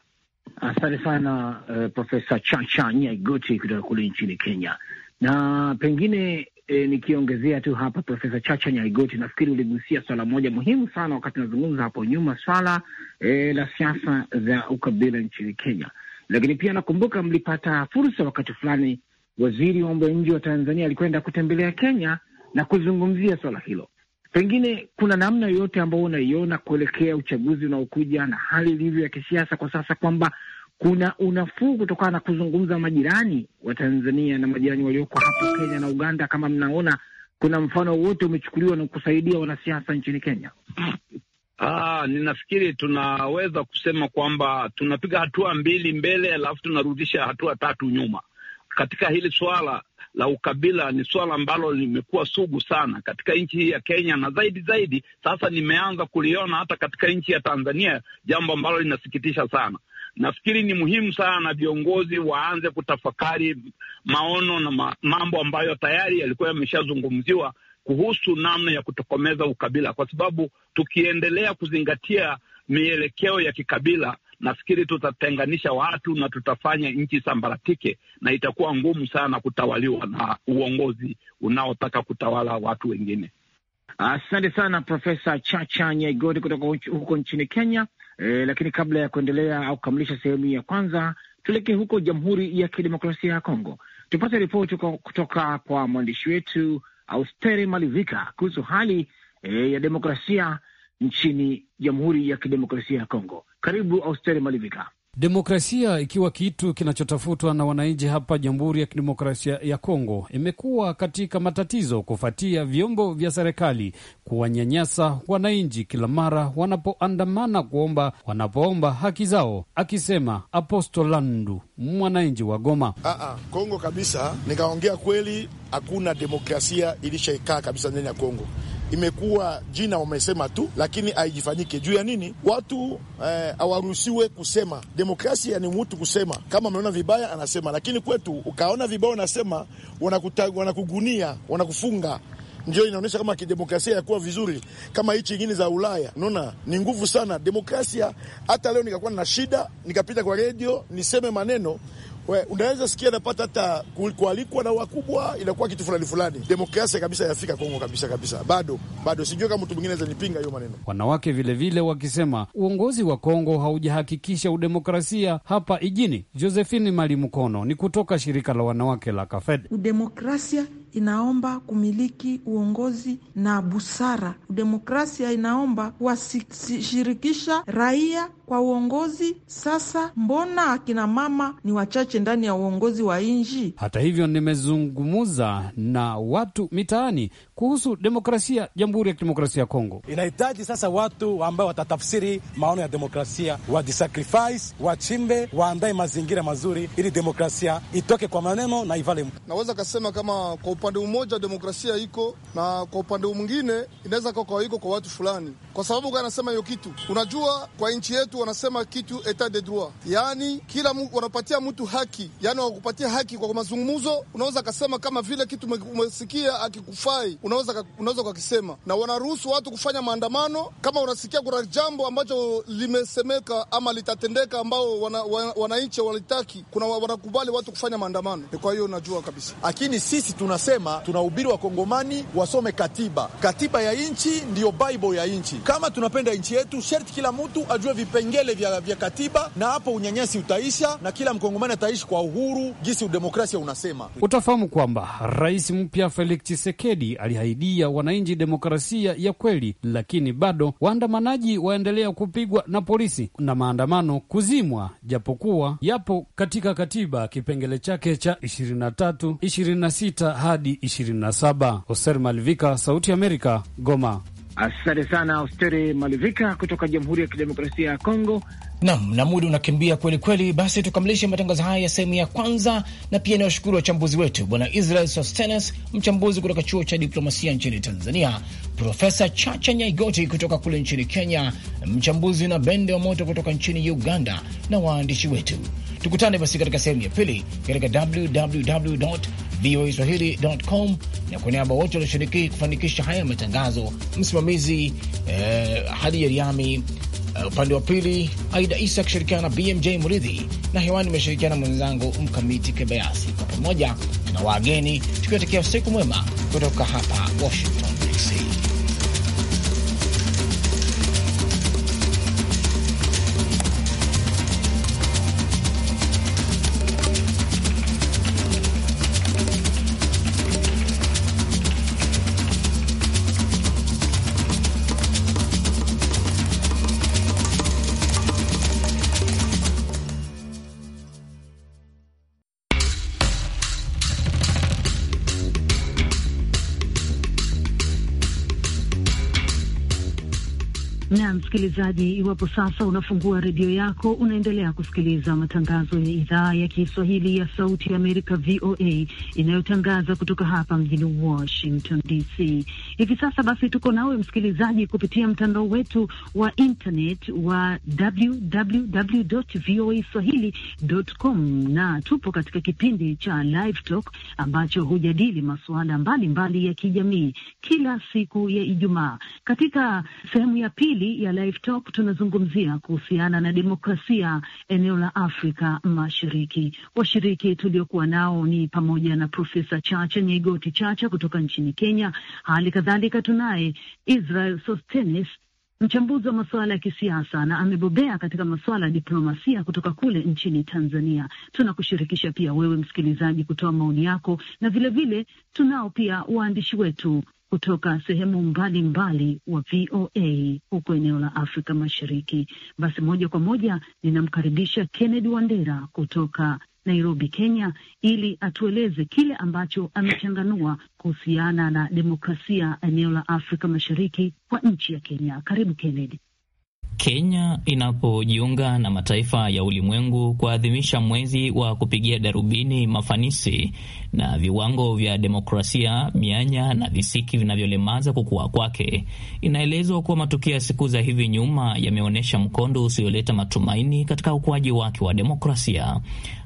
Asante sana uh, Profesa Chacha Nyaigoti kutoka kule nchini Kenya na pengine E, nikiongezea tu hapa, Profesa Chacha Nyaigoti, nafikiri uligusia swala moja muhimu sana wakati unazungumza hapo nyuma, swala e, la siasa za ukabila nchini Kenya. Lakini pia nakumbuka mlipata fursa wakati fulani, waziri wa mambo ya nje wa Tanzania alikwenda kutembelea Kenya na kuzungumzia swala hilo. Pengine kuna namna yoyote ambayo unaiona kuelekea uchaguzi unaokuja na hali ilivyo ya kisiasa kwa sasa, kwamba kuna unafuu kutokana na kuzungumza majirani wa Tanzania na majirani walioko hapo Kenya na Uganda. Kama mnaona kuna mfano wote umechukuliwa na kusaidia wanasiasa nchini Kenya? Ah, ninafikiri tunaweza kusema kwamba tunapiga hatua mbili mbele, alafu tunarudisha hatua tatu nyuma. Katika hili swala la ukabila, ni swala ambalo limekuwa sugu sana katika nchi hii ya Kenya, na zaidi zaidi sasa nimeanza kuliona hata katika nchi ya Tanzania, jambo ambalo linasikitisha sana. Nafikiri ni muhimu sana viongozi waanze kutafakari maono na ma, mambo ambayo tayari yalikuwa yameshazungumziwa kuhusu namna ya kutokomeza ukabila, kwa sababu tukiendelea kuzingatia mielekeo ya kikabila, nafikiri tutatenganisha watu na tutafanya nchi sambaratike, na itakuwa ngumu sana kutawaliwa na uongozi unaotaka kutawala watu wengine. Asante sana Profesa Chacha Nyaigoti kutoka huko nchini Kenya. E, lakini kabla ya kuendelea au kukamilisha sehemu ya kwanza, tuelekee huko Jamhuri ya Kidemokrasia ya Kongo tupate ripoti kutoka kwa mwandishi wetu austeri Malivika kuhusu hali e, ya demokrasia nchini Jamhuri ya Kidemokrasia ya Kongo. Karibu austeri Malivika. Demokrasia ikiwa kitu kinachotafutwa na wananchi hapa Jamhuri ya Kidemokrasia ya Kongo imekuwa katika matatizo kufuatia vyombo vya serikali kuwanyanyasa wananchi kila mara wanapoandamana kuomba, wanapoomba haki zao, akisema Apostolandu mwananchi wa Goma. Aa, ah, ah, Kongo kabisa, nikaongea kweli, hakuna demokrasia ilishaikaa kabisa ndani ya Kongo imekuwa jina wamesema tu, lakini haijifanyike juu ya nini? Watu eh, hawaruhusiwe eh, kusema. Demokrasia ni mtu kusema, kama ameona vibaya anasema, lakini kwetu ukaona vibaya unasema, wanakugunia, wanakufunga ndio inaonyesha kama kidemokrasia yakuwa vizuri kama hichi ingine za Ulaya. Unaona, ni nguvu sana demokrasia. Hata leo nikakuwa na shida, nikapita kwa redio niseme maneno, we unaweza sikia napata hata kualikwa na wakubwa, inakuwa kitu fulani fulani. Demokrasia kabisa yafika Kongo kabisa kabisa, bado bado, sijui kama mtu mwingine ananipinga hiyo maneno. Wanawake vilevile wakisema uongozi wa Kongo haujahakikisha udemokrasia hapa ijini. Josephine Mali Mkono ni kutoka shirika la wanawake la Kafed. udemokrasia inaomba kumiliki uongozi na busara. Demokrasia inaomba kuwashirikisha raia kwa uongozi. Sasa mbona akina mama ni wachache ndani ya uongozi wa nchi? Hata hivyo, nimezungumza na watu mitaani kuhusu demokrasia. Jamhuri ya Kidemokrasia ya Kongo inahitaji sasa watu ambao watatafsiri maono ya demokrasia, wajisacrifice, wachimbe, waandae mazingira mazuri ili demokrasia itoke kwa maneno na ivale. Naweza kasema kama kwa upande mmoja demokrasia iko na kwa upande mwingine inaweza kawa iko kwa watu fulani, kwa sababu anasema hiyo kitu. Unajua, kwa nchi yetu wanasema kitu etat de droit, yani kila wanapatia mtu haki, yani wakupatia haki kwa mazungumzo. Unaweza kasema kama vile kitu umesikia akikufai unaweza unaweza ukakisema, na wanaruhusu watu kufanya maandamano. Kama unasikia kuna jambo ambacho limesemeka ama litatendeka ambao wananchi wana walitaki, kuna wanakubali watu kufanya maandamano. Kwa hiyo najua kabisa, lakini sisi tunasema tunahubiri wakongomani wasome katiba. Katiba ya nchi ndiyo bible ya nchi. Kama tunapenda nchi yetu, sherti kila mtu ajue vipengele vya, vya katiba, na hapo unyanyasi utaisha na kila mkongomani ataishi kwa uhuru, jinsi udemokrasia unasema. Utafahamu kwamba rais mpya Felix Tshisekedi aliahidia wananchi demokrasia ya kweli, lakini bado waandamanaji waendelea kupigwa na polisi na maandamano kuzimwa, japokuwa yapo katika katiba kipengele chake cha 23, 26 hadi 27. Hoser Malivika, Sauti ya Amerika, Goma. Asante sana Hosteri Malivika kutoka Jamhuri ya Kidemokrasia ya Kongo. Nam na muda unakimbia kweli kweli. Basi tukamilishe matangazo haya ya sehemu ya kwanza, na pia inawashukuru wachambuzi wetu, Bwana Israel Sostenes, mchambuzi kutoka chuo cha diplomasia nchini Tanzania, Profesa Chacha Nyaigoti kutoka kule nchini Kenya, mchambuzi na Bende wa Moto kutoka nchini Uganda, na waandishi wetu. Tukutane basi katika sehemu ya pili katika www voa swahili.com, na kwa niaba wote walioshiriki kufanikisha haya matangazo, msimamizi eh, Hadi Yeriami Uh, upande wa pili Aida Isa akishirikiana na BMJ Muridhi, na hewani imeshirikiana mwenzangu Mkamiti Kibayasi. Kwa pamoja tuna wageni tukiwatakia usiku mwema kutoka hapa Washington DC. msikilizaji, iwapo sasa unafungua redio yako, unaendelea kusikiliza matangazo ya idhaa ya Kiswahili ya Sauti ya Amerika, VOA, inayotangaza kutoka hapa mjini Washington DC hivi sasa. Basi tuko nawe msikilizaji kupitia mtandao wetu wa internet wa www voa swahili.com, na tupo katika kipindi cha Live Talk ambacho hujadili masuala mbalimbali ya kijamii kila siku ya Ijumaa. Katika sehemu ya pili ya Live Talk tunazungumzia kuhusiana na demokrasia eneo la Afrika Mashariki. Washiriki tuliokuwa nao ni pamoja na Profesa Chacha nyeigoti Chacha kutoka nchini Kenya. Hali kadhalika tunaye Israel Sostenis, mchambuzi wa masuala ya kisiasa na amebobea katika masuala ya diplomasia kutoka kule nchini Tanzania. Tunakushirikisha pia wewe msikilizaji kutoa maoni yako, na vilevile vile, tunao pia waandishi wetu kutoka sehemu mbalimbali wa VOA huko eneo la Afrika Mashariki. Basi moja kwa moja ninamkaribisha Kennedy Wandera kutoka Nairobi, Kenya, ili atueleze kile ambacho amechanganua kuhusiana na demokrasia eneo la Afrika Mashariki kwa nchi ya Kenya. Karibu Kennedy. Kenya inapojiunga na mataifa ya ulimwengu kuadhimisha mwezi wa kupigia darubini mafanisi na viwango vya demokrasia, mianya na visiki vinavyolemaza kukua kwake, inaelezwa kuwa matukio ya siku za hivi nyuma yameonyesha mkondo usioleta matumaini katika ukuaji wake wa demokrasia.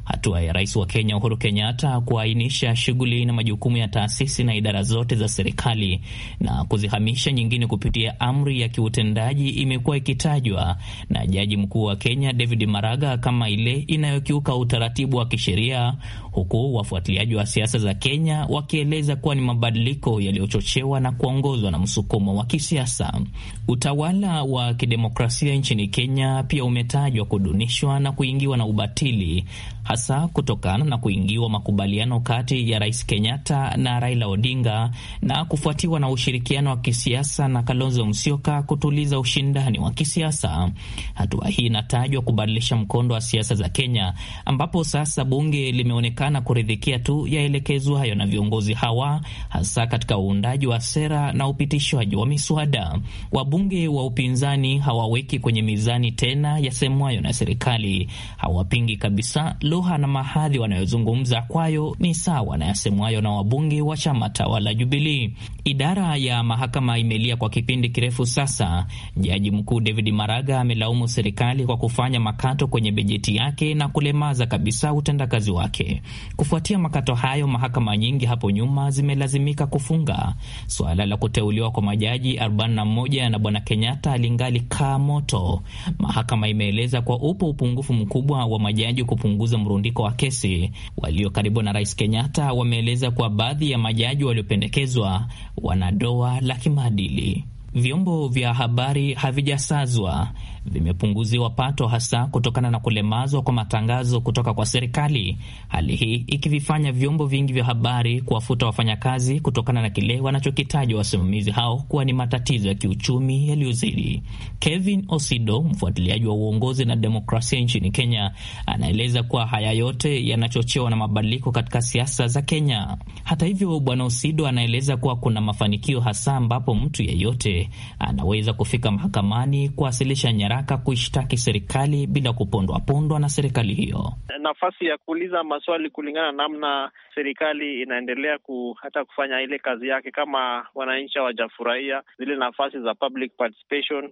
Hatua ya rais wa Kenya Uhuru Kenyatta kuainisha shughuli na majukumu ya taasisi na idara zote za serikali na kuzihamisha nyingine kupitia amri ya kiutendaji imekuwa ikitajwa na jaji mkuu wa Kenya David Maraga kama ile inayokiuka utaratibu wa kisheria, huku wafuatiliaji wa siasa za Kenya wakieleza kuwa ni mabadiliko yaliyochochewa na kuongozwa na msukumo wa kisiasa. Utawala wa kidemokrasia nchini Kenya pia umetajwa kudunishwa na kuingiwa na ubatili hasa kutokana na kuingiwa makubaliano kati ya Rais Kenyatta na Raila Odinga na kufuatiwa na ushirikiano wa kisiasa na Kalonzo Musyoka kutuliza ushindani wa kisiasa. Hatua hii inatajwa kubadilisha mkondo wa siasa za Kenya, ambapo sasa bunge limeonekana kuridhikia tu yaelekezwa hayo na viongozi hawa, hasa katika uundaji wa sera na upitishwaji wa miswada. Wabunge wa upinzani hawaweki kwenye mizani tena yasemwayo na serikali, hawapingi kabisa lugha na mahadhi wanayozungumza kwayo ni sawa na yasemwayo na wabunge wa chama tawala Jubilii. Idara ya mahakama imelia kwa kipindi kirefu sasa. Jaji mkuu David Maraga amelaumu serikali kwa kufanya makato kwenye bajeti yake na kulemaza kabisa utendakazi wake. Kufuatia makato hayo, mahakama nyingi hapo nyuma zimelazimika kufunga. Suala la kuteuliwa kwa majaji 41 na Bwana Kenyatta alingali kaa moto. Mahakama imeeleza kwa upo upungufu mkubwa wa majaji kupunguza mrundiko wa kesi. Walio karibu na rais Kenyatta wameeleza kuwa baadhi ya majaji waliopendekezwa wana doa la kimaadili. Vyombo vya habari havijasazwa vimepunguziwa pato hasa kutokana na kulemazwa kwa matangazo kutoka kwa serikali, hali hii ikivifanya vyombo vingi vya habari kuwafuta wafanyakazi kutokana na kile wanachokitaja wasimamizi hao kuwa ni matatizo ya kiuchumi yaliyozidi. Kevin Osido, mfuatiliaji wa uongozi na demokrasia nchini Kenya, anaeleza kuwa haya yote yanachochewa na mabadiliko katika siasa za Kenya. Hata hivyo, Bwana Osido anaeleza kuwa kuna mafanikio hasa ambapo mtu yeyote anaweza kufika mahakamani kuwasilisha nyara madaraka kuishtaki serikali bila kupondwa pondwa na serikali hiyo. Nafasi ya kuuliza maswali kulingana na namna serikali inaendelea ku, hata kufanya ile kazi yake, kama wananchi hawajafurahia zile nafasi za public participation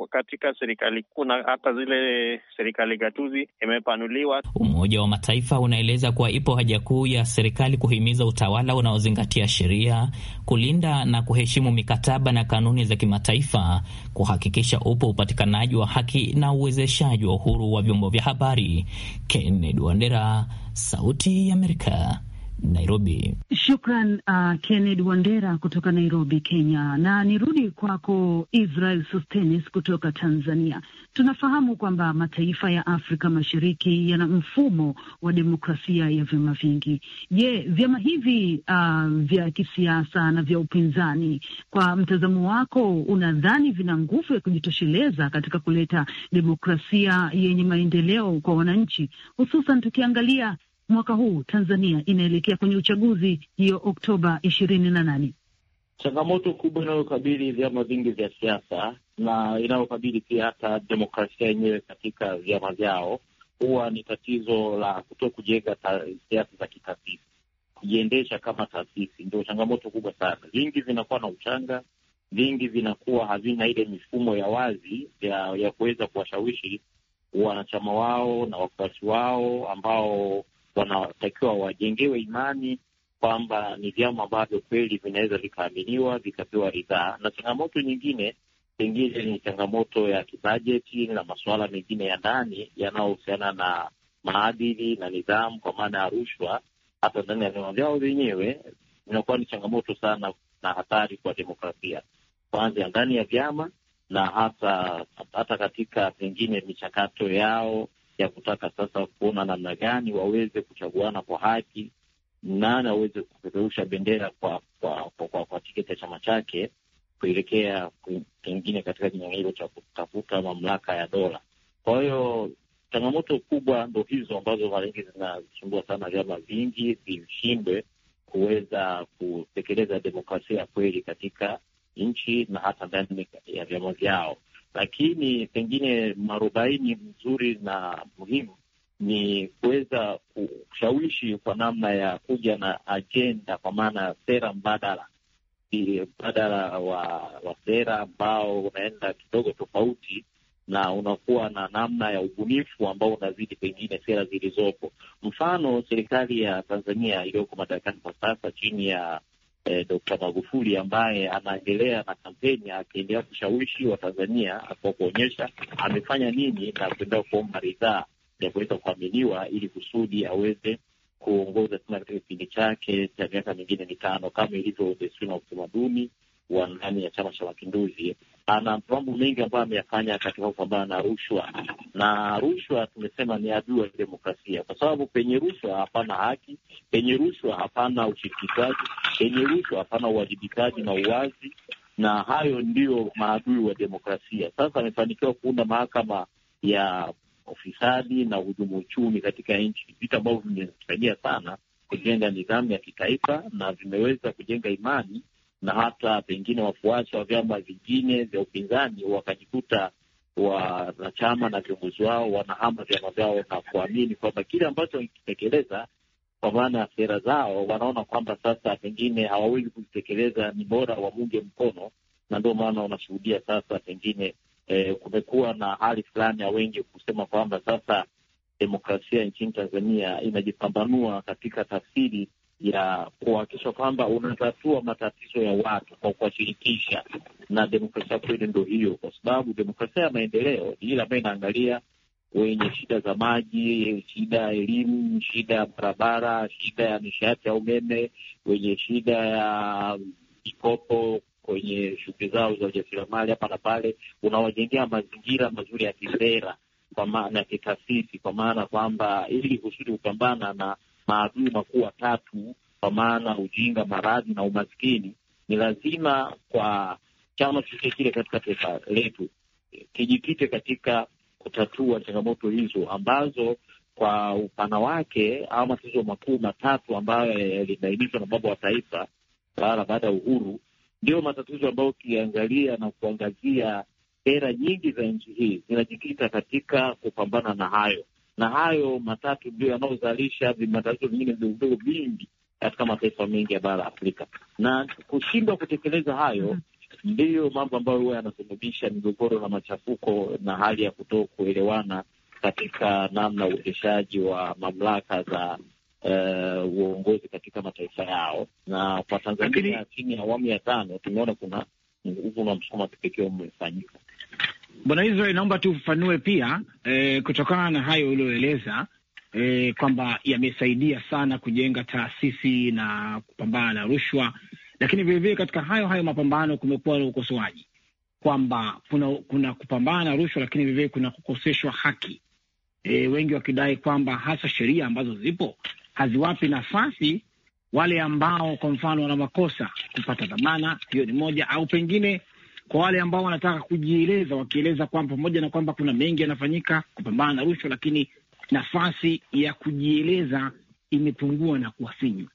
uh, katika serikali kuu na hata zile serikali gatuzi imepanuliwa. Umoja wa Mataifa unaeleza kuwa ipo haja kuu ya serikali kuhimiza utawala unaozingatia sheria, kulinda na kuheshimu mikataba na kanuni za kimataifa, kuhakikisha upo upatikanaji wa wa haki na uwezeshaji wa uhuru wa vyombo vya habari. Kennedy Wandera, Sauti ya Amerika, Nairobi. Shukran uh, Kenneth Wandera kutoka Nairobi, Kenya. Na nirudi kwako Israel Sustenis kutoka Tanzania. Tunafahamu kwamba mataifa ya Afrika Mashariki yana mfumo wa demokrasia ya vyama vingi. Je, vyama hivi uh, vya kisiasa na vya upinzani, kwa mtazamo wako, unadhani vina nguvu ya kujitosheleza katika kuleta demokrasia yenye maendeleo kwa wananchi, hususan tukiangalia mwaka huu Tanzania inaelekea kwenye uchaguzi hiyo Oktoba ishirini na nane. Changamoto kubwa inayokabili vyama vingi vya siasa na inayokabili pia hata demokrasia yenyewe katika vyama vyao huwa ni tatizo la kuto kujenga siasa za kitaasisi, kujiendesha kama taasisi, ndio changamoto kubwa sana. Vingi vinakuwa na uchanga, vingi vinakuwa havina ile mifumo ya wazi ya, ya kuweza kuwashawishi wanachama wao na wafuasi wao ambao wanatakiwa wajengewe imani kwamba ni vyama ambavyo kweli vinaweza vikaaminiwa vikapewa ridhaa. Na changamoto nyingine pengine ni changamoto ya kibajeti na masuala mengine ya ndani yanayohusiana na maadili na nidhamu, kwa maana ya rushwa. Hata ndani ya vyama vyao vyenyewe vinakuwa ni changamoto sana na hatari kwa demokrasia, kwanza ndani ya vyama na hata hata katika pengine michakato yao ya kutaka sasa kuona namna gani waweze kuchaguana kwa haki, nani aweze kupeperusha bendera kwa kwa, kwa, kwa, kwa tiketi ya chama chake kuelekea pengine katika kinyang'anyiro hilo cha kutafuta mamlaka ya dola. Kwa hiyo changamoto kubwa ndo hizo ambazo mara nyingi zinasumbua sana vyama vingi vishindwe kuweza kutekeleza demokrasia kweli katika nchi na hata ndani ya vyama vyao lakini pengine mwarobaini mzuri na muhimu ni kuweza kushawishi kwa namna ya kuja na ajenda, kwa maana ya sera mbadala, mbadala wa, wa sera ambao unaenda kidogo tofauti na unakuwa na namna ya ubunifu ambao unazidi pengine sera zilizopo. Mfano, serikali ya Tanzania iliyoko madarakani kwa sasa chini ya eh, Dkt. Magufuli ambaye anaendelea na kampeni akiendelea kushawishi Watanzania kwa kuonyesha amefanya nini na kuendelea kuomba ridhaa ya kuweza kuaminiwa ili kusudi aweze kuongoza tena katika kipindi chake cha miaka mingine mitano kama ilivyo desturi na utamaduni wa ndani ya Chama cha Mapinduzi ana mambo mengi ambayo ameyafanya katika kupambana na rushwa, na rushwa tumesema ni adui wa demokrasia, kwa sababu penye rushwa hapana haki, penye rushwa hapana ushirikishaji, penye rushwa hapana uwajibikaji na uwazi, na hayo ndiyo maadui wa demokrasia. Sasa amefanikiwa kuunda mahakama ya ufisadi na uhujumu uchumi katika nchi, vitu ambavyo vimesaidia sana kujenga nidhamu ya kitaifa na vimeweza kujenga imani na hata pengine wafuasi wa vyama vingine vya upinzani wakajikuta wanachama na viongozi wao wanahama vyama vyao na kuamini kwamba kile ambacho wakitekeleza kwa maana ya sera zao, wanaona kwamba sasa pengine hawawezi kuzitekeleza, ni bora wamunge mkono, na ndio maana wanashuhudia sasa pengine e, kumekuwa na hali fulani ya wengi kusema kwamba sasa demokrasia nchini Tanzania inajipambanua katika tafsiri ya kuhakikisha kwamba unatatua matatizo ya watu kwa kuwashirikisha, na demokrasia kweli ndo hiyo, kwa sababu demokrasia ya maendeleo ni ile ambayo inaangalia wenye shida za maji, shida ya elimu, shida ya barabara, shida ya nishati ya umeme, wenye shida ya mikopo kwenye shughuli zao za ujasiriamali hapa na pale, unawajengea mazingira mazuri ya kisera kwa maana ya kitaasisi, kwa maana kwamba ili kusudi kupambana na maadui makuu watatu, kwa maana ujinga, maradhi na umaskini, ni lazima kwa chama chochote kile katika taifa letu kijikite katika kutatua changamoto hizo ambazo kwa upana wake au matatizo makuu matatu ambayo yalibainishwa na baba wa taifa bara baada ya uhuru, ndio matatizo ambayo ukiangalia na kuangazia sera nyingi za nchi hii zinajikita katika kupambana na hayo na hayo matatu ndio yanayozalisha vimatatizo vingine vidogo vingi katika mataifa mengi ya bara Afrika, na kushindwa kutekeleza hayo mm -hmm. ndiyo mambo ambayo huwa yanasababisha migogoro na machafuko na hali ya kuto kuelewana katika namna uendeshaji wa mamlaka za uh, uongozi katika mataifa yao. Na kwa Tanzania chini ya awamu ya tano tumeona kuna nguvu na msukuma kipekee umefanyika. Bwana Israel, naomba tufafanue pia e, kutokana na hayo ulioeleza e, eh, kwamba yamesaidia sana kujenga taasisi na kupambana na rushwa, lakini vilevile katika hayo hayo mapambano kumekuwa na ukosoaji kwamba kuna, kuna kupambana na rushwa, lakini vilevile kuna kukoseshwa haki e, wengi wakidai kwamba hasa sheria ambazo zipo haziwapi nafasi wale ambao kwa mfano wana makosa kupata dhamana. Hiyo ni moja au pengine kwa wale ambao wanataka kujieleza, wakieleza kwamba pamoja na kwamba kuna mengi yanafanyika kupambana na rushwa, lakini nafasi ya kujieleza imepungua na kuwafinywa.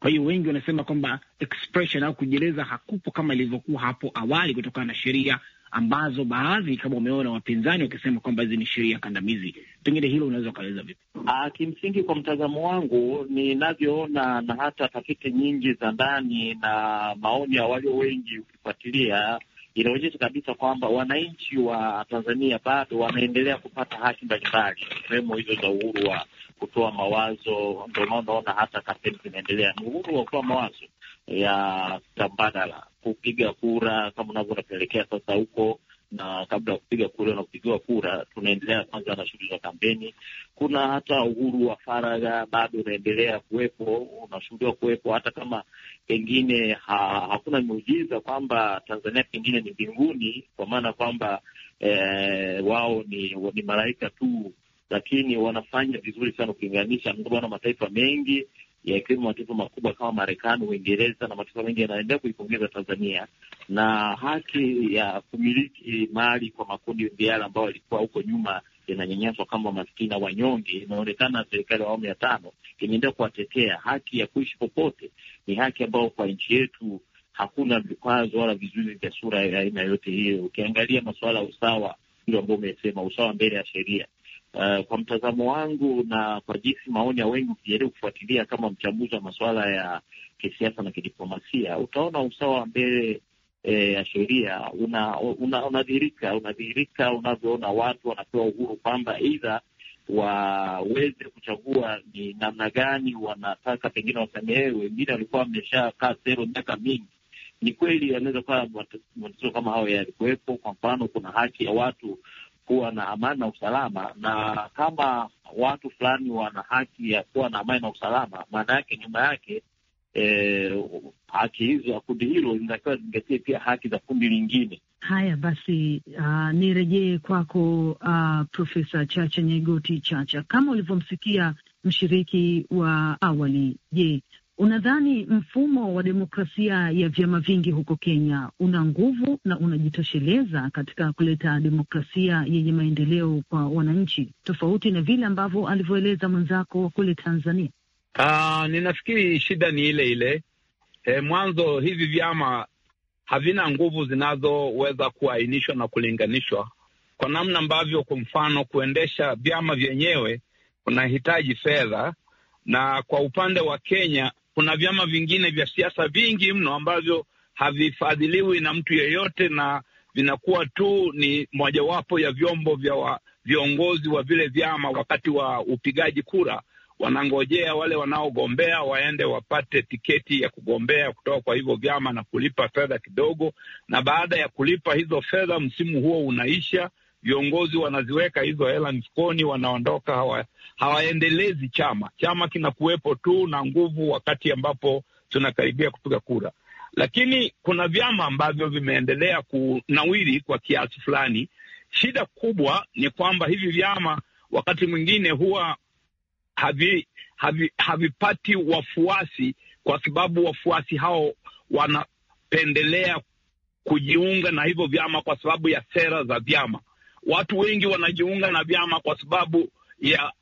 Kwa hiyo wengi wanasema kwamba expression au kujieleza hakupo kama ilivyokuwa hapo awali, kutokana na sheria ambazo baadhi kama umeona wapinzani wakisema kwamba hizi ni sheria kandamizi. Pengine hilo unaweza ukaeleza vipi? Ah, kimsingi, kwa mtazamo wangu ninavyoona, na hata tafiti nyingi za ndani na maoni ya walio wengi, ukifuatilia inaonyesha kabisa kwamba wananchi wa Tanzania bado wanaendelea kupata haki mbalimbali, ikiwemo hizo za uhuru wa kutoa mawazo. Ndio maana unaona hata kampeni zinaendelea, ni uhuru wa kutoa mawazo ya mbadala kupiga kura kama unavyo unapelekea sasa huko na kabla ya kupiga kura na kupigiwa kura, tunaendelea kwanza na shughuli za kampeni. Kuna hata uhuru wa faragha bado unaendelea kuwepo, unashuhudiwa kuwepo, hata kama pengine ha, hakuna miujiza kwamba Tanzania pengine ni mbinguni, kwa maana kwamba eh, wao ni, ni malaika tu, lakini wanafanya vizuri sana ukilinganisha na mataifa mengi yakiwemo mataifa makubwa kama Marekani, Uingereza na mataifa mengi yanaendelea kuipongeza Tanzania na haki ya kumiliki mali kwa makundi yale ambayo walikuwa huko nyuma inanyanyaswa kama maskini na wanyonge. inaonekana serikali ya awamu ya tano imeendelea kuwatetea. Haki ya kuishi popote ni haki ambayo kwa nchi yetu hakuna vikwazo wala vizuizi vya sura ya aina yote hiyo. Ukiangalia masuala ya usawa, hilo ambao umesema, usawa mbele ya sheria, uh, kwa mtazamo wangu na kwa jinsi maoni ya wengi, ukijaribu kufuatilia kama mchambuzi wa masuala ya kisiasa na kidiplomasia, utaona usawa mbele e, ya sheria unadhihirika, una, unadhihirika unavyoona watu wanapewa uhuru kwamba aidha waweze kuchagua ni namna gani wanataka pengine wasamehewe. Wengine walikuwa wameshakaa sero miaka mingi. Ni kweli anaweza kuwa matatizo kama hayo yalikuwepo. Kwa mfano, kuna haki ya watu kuwa na amani na usalama, na kama watu fulani wana haki ya kuwa na amani na usalama, maana yake nyuma yake eh, haki hizo kundi hilo linatakiwa zingatie pia haki za kundi lingine. Haya basi, uh, nirejee kwako uh, Profesa Chacha nyegoti Chacha, kama ulivyomsikia mshiriki wa awali, je, unadhani mfumo wa demokrasia ya vyama vingi huko Kenya una nguvu na unajitosheleza katika kuleta demokrasia yenye maendeleo kwa wananchi, tofauti na vile ambavyo alivyoeleza mwenzako wa kule Tanzania? Uh, ninafikiri shida ni ile ile. E, mwanzo hivi vyama havina nguvu zinazoweza kuainishwa na kulinganishwa kwa namna ambavyo, kwa mfano, kuendesha vyama vyenyewe kunahitaji fedha, na kwa upande wa Kenya kuna vyama vingine vya siasa vingi mno ambavyo havifadhiliwi na mtu yeyote na vinakuwa tu ni mojawapo ya vyombo vya wa, viongozi wa vile vyama wakati wa upigaji kura wanangojea wale wanaogombea waende wapate tiketi ya kugombea kutoka kwa hivyo vyama na kulipa fedha kidogo, na baada ya kulipa hizo fedha, msimu huo unaisha, viongozi wanaziweka hizo hela mfukoni, wanaondoka, hawa, hawaendelezi chama. Chama kinakuwepo tu na nguvu wakati ambapo tunakaribia kupiga kura, lakini kuna vyama ambavyo vimeendelea kunawiri kwa kiasi fulani. Shida kubwa ni kwamba hivi vyama wakati mwingine huwa havipati havi, havipati wafuasi kwa sababu wafuasi hao wanapendelea kujiunga na hivyo vyama kwa sababu ya sera za vyama. Watu wengi wanajiunga na vyama kwa sababu ya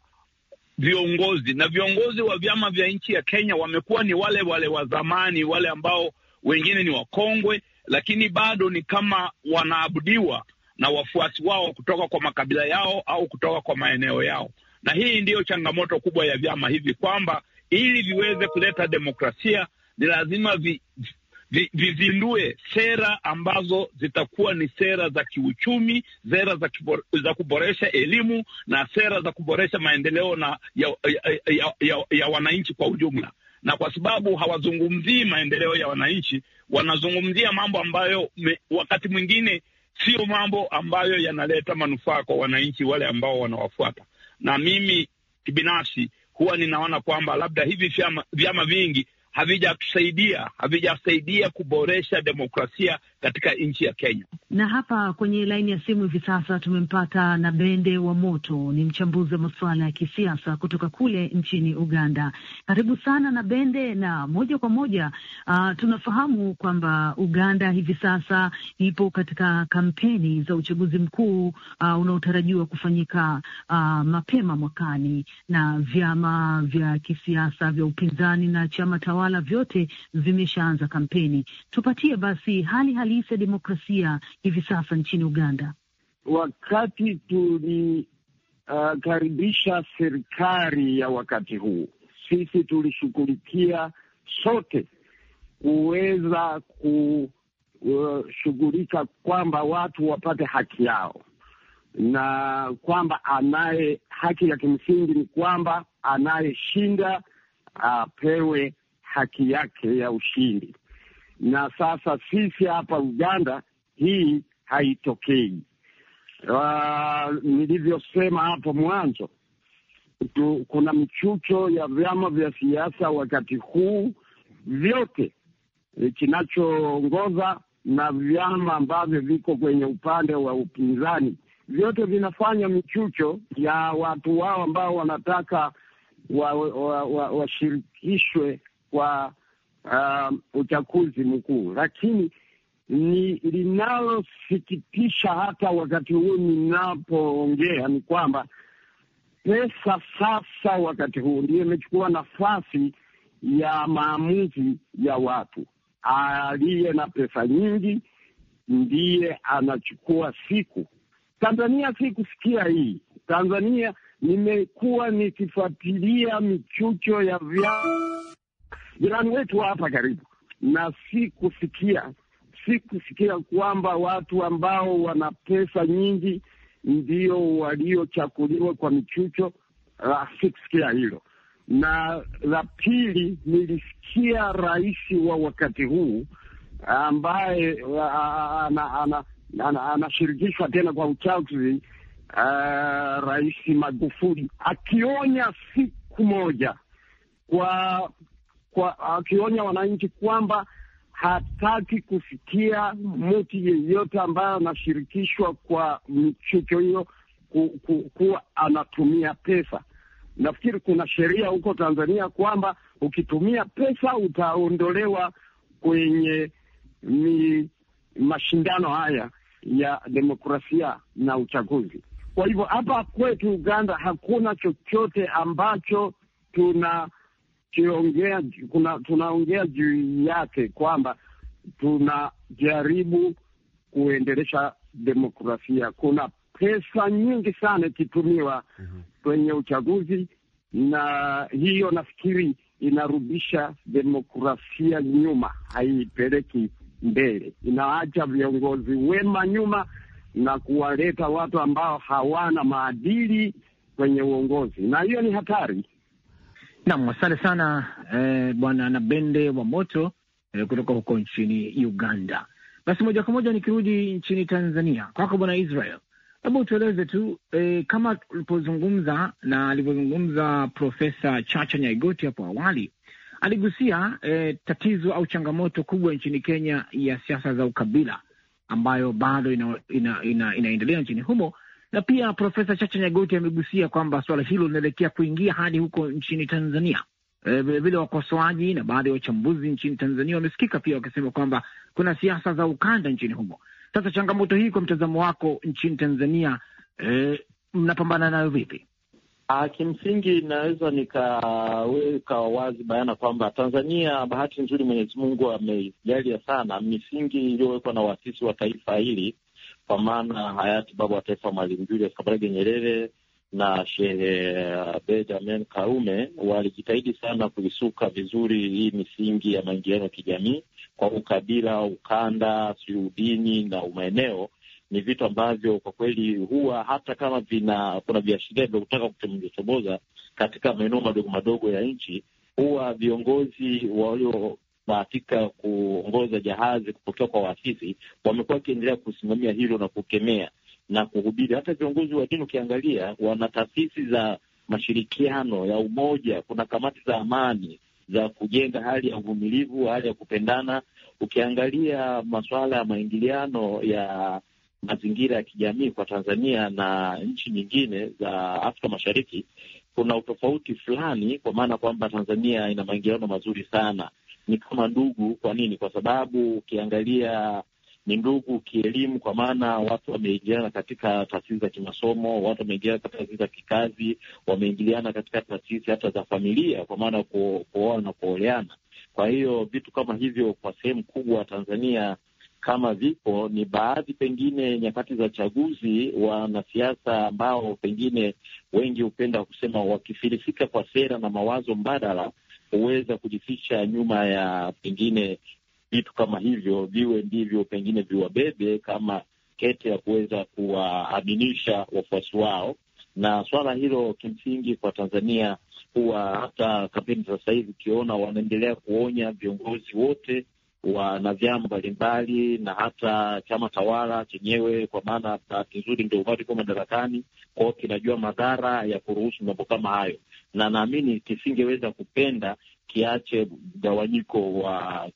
viongozi, na viongozi wa vyama vya nchi ya Kenya wamekuwa ni wale wale wa zamani, wale ambao wengine ni wakongwe, lakini bado ni kama wanaabudiwa na wafuasi wao kutoka kwa makabila yao au kutoka kwa maeneo yao na hii ndiyo changamoto kubwa ya vyama hivi kwamba ili viweze kuleta demokrasia ni lazima vi, vi, vizindue sera ambazo zitakuwa ni sera za kiuchumi, sera za, kibore, za kuboresha elimu na sera za kuboresha maendeleo na ya, ya, ya, ya, ya wananchi kwa ujumla. Na kwa sababu hawazungumzii maendeleo ya wananchi, wanazungumzia mambo ambayo me, wakati mwingine sio mambo ambayo yanaleta manufaa kwa wananchi wale ambao wanawafuata na mimi kibinafsi huwa ninaona kwamba labda hivi vyama, vyama vingi havijatusaidia havijasaidia kuboresha demokrasia katika nchi ya Kenya. Na hapa kwenye laini ya simu hivi sasa tumempata na Bende wa Moto, ni mchambuzi wa masuala ya kisiasa kutoka kule nchini Uganda. Karibu sana na Bende, na moja kwa moja uh, tunafahamu kwamba Uganda hivi sasa ipo katika kampeni za uchaguzi mkuu uh, unaotarajiwa kufanyika uh, mapema mwakani, na vyama vya kisiasa vya upinzani na chama tawala vyote vimeshaanza kampeni. Tupatie basi hali hali halisi ya demokrasia hivi sasa nchini Uganda? Wakati tulikaribisha uh, serikali ya wakati huu, sisi tulishughulikia sote kuweza kushughulika kwamba watu wapate haki yao na kwamba anaye haki ya kimsingi ni kwamba anayeshinda apewe haki yake ya ushindi na sasa sisi hapa Uganda hii haitokei. Uh, nilivyosema hapo mwanzo tu, kuna mchucho ya vyama vya siasa wakati huu vyote e, kinachoongoza na vyama ambavyo viko kwenye upande wa upinzani vyote vinafanya michucho ya watu wao ambao wanataka washirikishwe wa, wa, wa kwa um, uchaguzi mkuu, lakini ni linalosikitisha hata wakati huu ninapoongea ni kwamba pesa sasa wakati huu ndio imechukua nafasi ya maamuzi ya watu. Aliye na pesa nyingi ndiye anachukua siku. Tanzania si kusikia hii. Tanzania nimekuwa nikifuatilia michucho ya vyama jirani wetu hapa karibu, na si kusikia si kusikia kwamba watu ambao wana pesa nyingi ndio waliochakuliwa kwa michucho. La, sikusikia hilo. Na la pili, nilisikia rais wa wakati huu ambaye anashirikishwa tena kwa uchaguzi, Rais Magufuli akionya siku moja kwa akionya wananchi kwamba hataki kusikia mtu yeyote ambaye anashirikishwa kwa mchucho hiyo ku, ku, kuwa anatumia pesa. Nafikiri kuna sheria huko Tanzania kwamba ukitumia pesa utaondolewa kwenye mi, mashindano haya ya demokrasia na uchaguzi. Kwa hivyo hapa kwetu Uganda hakuna chochote ambacho tuna tukiongea, kuna tunaongea juu yake kwamba tunajaribu kuendelesha demokrasia. Kuna pesa nyingi sana ikitumiwa mhm. kwenye uchaguzi, na hiyo nafikiri inarudisha demokrasia nyuma, haipeleki mbele, inaacha viongozi wema nyuma na kuwaleta watu ambao hawana maadili kwenye uongozi, na hiyo ni hatari. Nam, asante sana eh, bwana Nabende wa Moto eh, kutoka huko nchini Uganda. Basi moja kwa moja nikirudi nchini Tanzania kwako bwana Israel, hebu tueleze tu eh, kama ulipozungumza na alivyozungumza Profesa Chacha Nyaigoti hapo awali aligusia eh, tatizo au changamoto kubwa nchini Kenya ya siasa za ukabila ambayo bado inaendelea ina, ina, ina nchini humo na pia Profesa Chacha Nyagoti amegusia kwamba suala hilo linaelekea kuingia hadi huko nchini Tanzania. Vilevile wakosoaji na baadhi ya wachambuzi nchini Tanzania wamesikika pia wakisema kwamba kuna siasa za ukanda nchini humo. Sasa changamoto hii kwa mtazamo wako nchini Tanzania, e, mnapambana nayo vipi? Kimsingi naweza nikaweka wazi bayana kwamba Tanzania, bahati nzuri, Mwenyezi Mungu ameijalia sana misingi iliyowekwa na waasisi wa taifa hili kwa maana hayati baba wa taifa Mwalimu Julius Kambarage Nyerere na Shehe Benjamin Karume walijitahidi sana kuisuka vizuri hii misingi ya maingiliano ya kijamii kwa ukabila, ukanda, sijui udini na umaeneo. Ni vitu ambavyo kwa kweli huwa hata kama vina kuna viashiria vya kutaka kuchomoza katika maeneo madogo madogo ya nchi, huwa viongozi walio katika kuongoza jahazi kupokea kwa waasisi, wamekuwa wakiendelea kusimamia hilo na kukemea na kuhubiri. Hata viongozi wa dini ukiangalia, wana taasisi za mashirikiano ya umoja, kuna kamati za amani za kujenga hali ya uvumilivu, hali ya kupendana. Ukiangalia masuala ya maingiliano ya mazingira ya kijamii kwa Tanzania na nchi nyingine za Afrika Mashariki, kuna utofauti fulani, kwa maana kwamba Tanzania ina maingiliano mazuri sana ni kama ndugu. Kwa nini? Kwa sababu ukiangalia ni ndugu kielimu, kwa maana watu wameingiliana katika taasisi za kimasomo, watu wameingiliana katika taasisi za kikazi, wameingiliana katika taasisi hata za familia, kwa maana kuoa na kuoleana. Kwa hiyo vitu kama hivyo kwa sehemu kubwa Tanzania kama vipo ni baadhi, pengine nyakati za chaguzi, wanasiasa ambao pengine wengi hupenda kusema wakifilisika kwa sera na mawazo mbadala huweza kujificha nyuma ya pengine vitu kama hivyo, viwe ndivyo pengine viwabebe kama kete ya kuweza kuwaaminisha wafuasi wao. Na swala hilo kimsingi kwa Tanzania huwa hata kampeni za sasa hivi ukiona wanaendelea kuonya viongozi wote wana vyama mbalimbali na hata chama tawala chenyewe, kwa maana bahati nzuri ndio bado iko madarakani kwao, kinajua madhara ya kuruhusu mambo kama hayo na naamini kisingeweza kupenda kiache mgawanyiko wa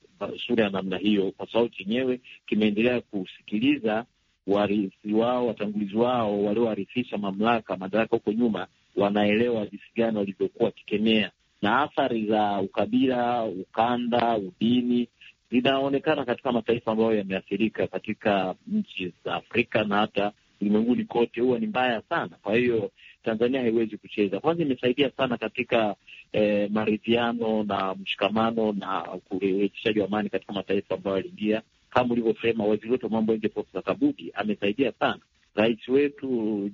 sura ya namna hiyo, kwa sababu chenyewe kimeendelea kusikiliza warithi wao, watangulizi wao waliowarithisha mamlaka madaraka huko nyuma, wanaelewa jinsi gani walivyokuwa wakikemea, na athari za ukabila, ukanda, udini zinaonekana katika mataifa ambayo yameathirika katika nchi za Afrika na hata ulimwenguni kote, huwa ni mbaya sana. Kwa hiyo Tanzania haiwezi kucheza. Kwanza imesaidia sana katika eh, maridhiano na mshikamano na kurejeshaji wa amani katika mataifa ambayo aliingia Kama ulivyosema, waziri wetu wa mambo nje Profesa Kabudi amesaidia sana. Rais wetu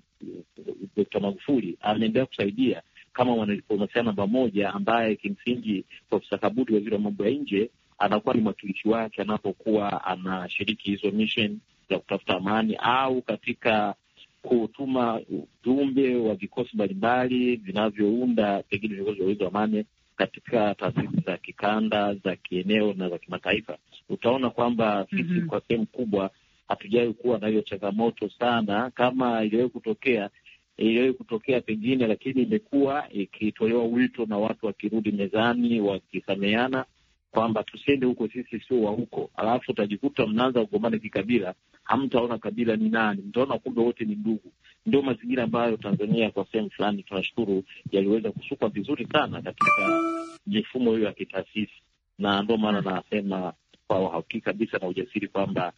Dr. Magufuli ameendelea kusaidia kama mwanadiplomasia namba moja ambaye kimsingi Profesa Kabudi, waziri wa mambo ya nje, anakuwa ni mwakilishi wake anapokuwa anashiriki hizo mission za kutafuta amani au katika kutuma ujumbe wa vikosi mbalimbali vinavyounda pengine vikosi vya ulinzi wa amani katika taasisi za kikanda, za kieneo na za kimataifa. Utaona kwamba sisi mm -hmm. kwa sehemu kubwa hatujawahi kuwa na hiyo changamoto sana, kama iliwahi kutokea iliwahi kutokea pengine, lakini imekuwa ikitolewa wito na watu wakirudi mezani wakisameana kwamba tusiende huko, sisi sio wa huko, alafu utajikuta mnaanza kugombana kikabila. Hamtaona kabila ni nani, mtaona kumbe wote ni ndugu. Ndio mazingira ambayo Tanzania kwa sehemu fulani tunashukuru yaliweza kusukwa vizuri sana katika mifumo hiyo ya kitaasisi, na ndio maana nasema kwa uhakika kabisa na ujasiri kwamba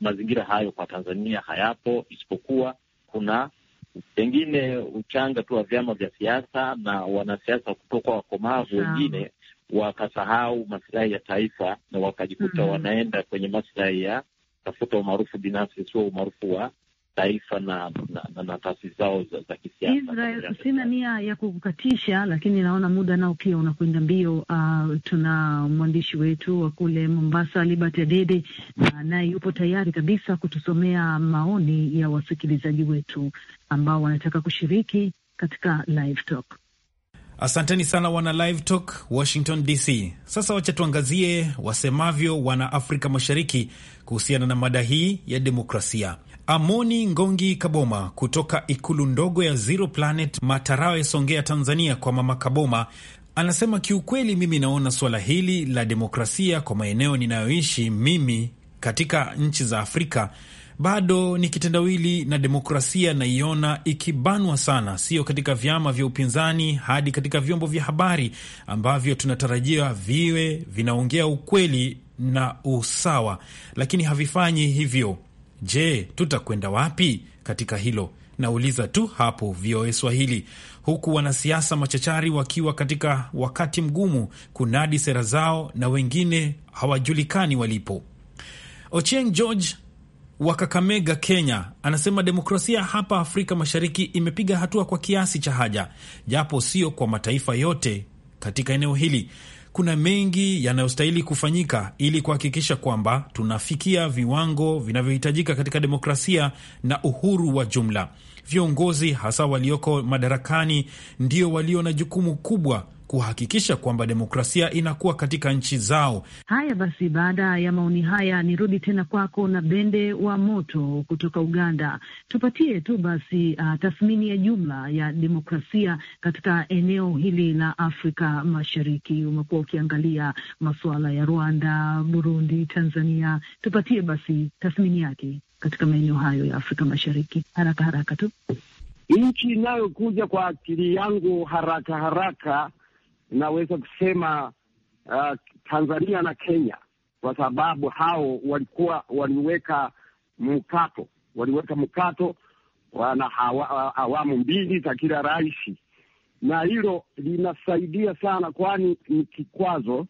mazingira hayo kwa Tanzania hayapo, isipokuwa kuna pengine uchanga tu wa vyama vya siasa na wanasiasa kutokwa wakomavu wengine wakasahau masilahi ya taifa na wakajikuta mm -hmm. wanaenda kwenye masilahi ya tafuta umaarufu binafsi, sio umaarufu wa taifa na na, na, na taasisi zao za, za kisiasa. Sina nia ya kukukatisha, lakini naona muda nao pia unakwenda mbio. Uh, tuna mwandishi wetu wa kule Mombasa Libert Adede naye yupo tayari kabisa kutusomea maoni ya wasikilizaji wetu ambao wanataka kushiriki katika live talk. Asanteni sana wana Live Talk Washington DC. Sasa wacha tuangazie wasemavyo wana Afrika Mashariki kuhusiana na mada hii ya demokrasia. Amoni Ngongi Kaboma kutoka ikulu ndogo ya Zero Planet Matarawe, Songea, Tanzania, kwa Mama Kaboma anasema kiukweli, mimi naona suala hili la demokrasia kwa maeneo ninayoishi mimi katika nchi za Afrika bado ni kitendawili, na demokrasia naiona ikibanwa sana, sio katika vyama vya upinzani hadi katika vyombo vya habari ambavyo tunatarajia viwe vinaongea ukweli na usawa, lakini havifanyi hivyo. Je, tutakwenda wapi katika hilo? Nauliza tu hapo VOA Swahili, huku wanasiasa machachari wakiwa katika wakati mgumu kunadi sera zao na wengine hawajulikani walipo. Ocheng George wa Kakamega, Kenya, anasema demokrasia hapa Afrika Mashariki imepiga hatua kwa kiasi cha haja, japo sio kwa mataifa yote katika eneo hili. Kuna mengi yanayostahili kufanyika ili kuhakikisha kwamba tunafikia viwango vinavyohitajika katika demokrasia na uhuru wa jumla. Viongozi hasa walioko madarakani ndio walio na jukumu kubwa kuhakikisha kwamba demokrasia inakuwa katika nchi zao. Haya basi, baada ya maoni haya nirudi tena kwako na Bende wa Moto kutoka Uganda, tupatie tu basi uh, tathmini ya jumla ya demokrasia katika eneo hili la Afrika Mashariki. Umekuwa ukiangalia masuala ya Rwanda, Burundi, Tanzania, tupatie basi tathmini yake katika maeneo hayo ya Afrika Mashariki haraka haraka tu. Nchi inayokuja kwa akili yangu haraka haraka naweza kusema uh, Tanzania na Kenya, kwa sababu hao walikuwa waliweka mkato, waliweka mkato wana hawa, awamu mbili za kila rais, na hilo linasaidia sana, kwani ni kikwazo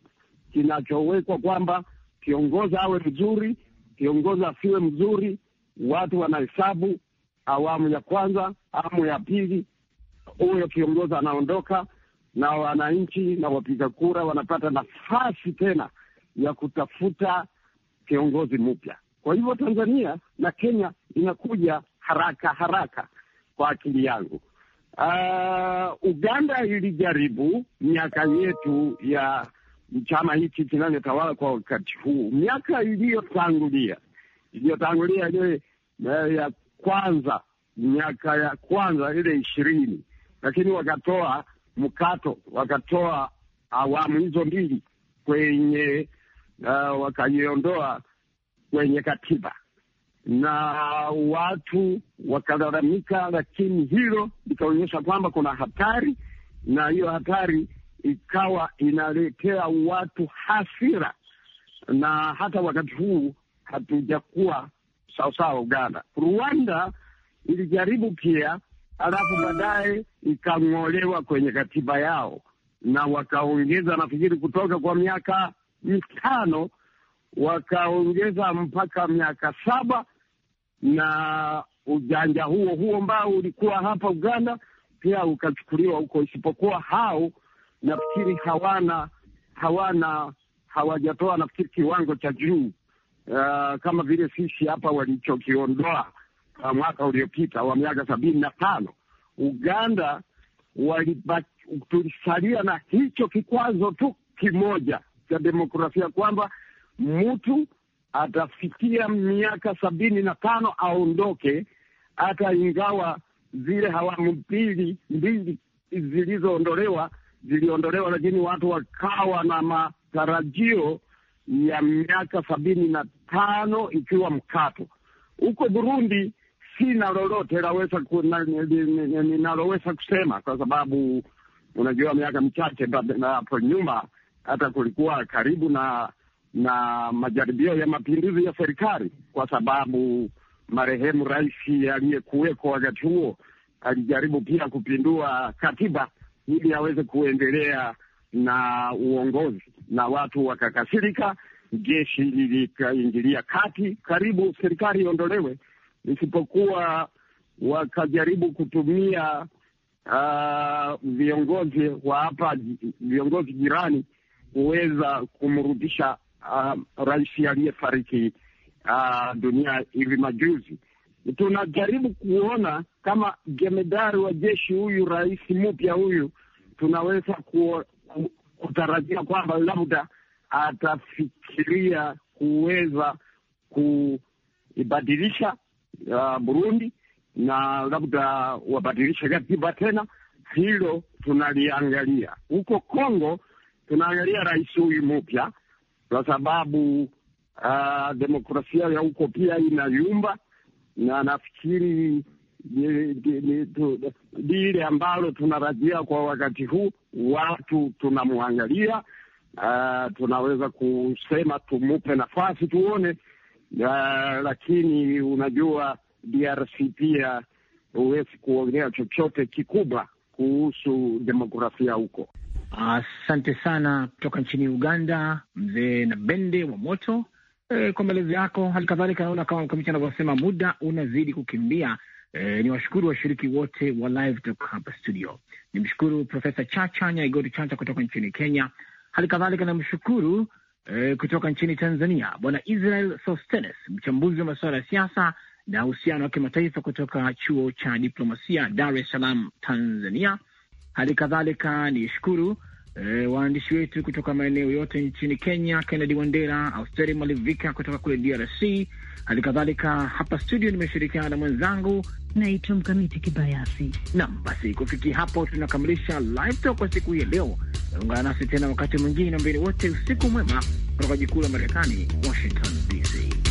kinachowekwa kwamba kiongozi awe mzuri, kiongozi asiwe mzuri, watu wanahesabu awamu ya kwanza, awamu ya pili, huyo kiongozi anaondoka na wananchi na wapiga kura wanapata nafasi tena ya kutafuta kiongozi mpya. Kwa hivyo Tanzania na Kenya inakuja haraka haraka kwa akili yangu. Uh, Uganda ilijaribu miaka yetu ya chama hiki kinachotawala kwa wakati huu, miaka iliyotangulia iliyotangulia ile eh, ya kwanza, miaka ya kwanza ile ishirini, lakini wakatoa mkato, wakatoa awamu hizo mbili kwenye uh, wakaiondoa kwenye katiba na watu wakalalamika, lakini hilo likaonyesha kwamba kuna hatari, na hiyo hatari ikawa inaletea watu hasira, na hata wakati huu hatujakuwa sawasawa. Uganda, Rwanda ilijaribu pia alafu baadaye ikang'olewa kwenye katiba yao, na wakaongeza, nafikiri kutoka kwa miaka mitano wakaongeza mpaka miaka saba, na ujanja huo huo ambao ulikuwa hapa Uganda pia ukachukuliwa huko, isipokuwa hao nafikiri hawana hawana hawajatoa nafikiri kiwango cha juu uh, kama vile sisi hapa walichokiondoa uh, mwaka uliopita wa miaka sabini na tano Uganda tulisalia na hicho kikwazo tu kimoja cha demokrasia kwamba mtu atafikia miaka sabini na tano aondoke, hata ingawa zile hawamu mbili mbili zilizoondolewa ziliondolewa, lakini watu wakawa na matarajio ya miaka sabini na tano ikiwa mkato. Huko Burundi sina lolote laweza ninaloweza kusema kwa sababu unajua miaka michache hapo nyuma hata kulikuwa karibu na na majaribio ya mapinduzi ya serikali, kwa sababu marehemu rais aliyekuweko wakati huo alijaribu pia kupindua katiba ili aweze kuendelea na uongozi, na watu wakakasirika, jeshi lilikaingilia kati, karibu serikali iondolewe isipokuwa wakajaribu kutumia uh, viongozi wa hapa, viongozi jirani kuweza kumrudisha uh, rais aliyefariki uh, dunia hivi majuzi. Tunajaribu kuona kama jemedari wa jeshi huyu, rais mpya huyu, tunaweza ku, kutarajia kwamba labda atafikiria kuweza kuibadilisha uh, Burundi na labda wabadilishe katiba tena. Hilo tunaliangalia huko Kongo, tunaangalia rais huyu mpya kwa sababu uh, demokrasia ya huko pia inayumba, na nafikiri lile ambalo tunarajia kwa wakati huu, watu tunamwangalia, uh, tunaweza kusema tumupe nafasi tuone na, lakini unajua DRC pia huwezi kuongea chochote kikubwa kuhusu demokrasia huko. Asante sana kutoka nchini Uganda, mzee na bende wa moto e, kwa maelezo yako. Hali kadhalika naona kama mkamiti anavyosema muda unazidi kukimbia. E, ni washukuru washiriki wote wa live kutoka hapa studio. Nimshukuru Profesa Chacha Nyaigoti Chacha kutoka nchini Kenya, hali kadhalika namshukuru e, kutoka nchini Tanzania, Bwana Israel Sostenes, mchambuzi wa masuala ya siasa na uhusiano wa kimataifa kutoka chuo cha diplomasia Dar es Salaam, Tanzania. Hali kadhalika ni shukuru e, waandishi wetu kutoka maeneo yote nchini Kenya, Kennedy Wandera, Austeri Malivika kutoka kule DRC, hali kadhalika hapa studio nimeshirikiana na mwenzangu naitwa Mkamiti Kibayasi. Nam, basi kufikia hapo tunakamilisha live talk kwa siku hii ya leo. Naungana nasi tena wakati mwingine, na mbele wote usiku mwema kutoka jikuu la Marekani, Washington DC.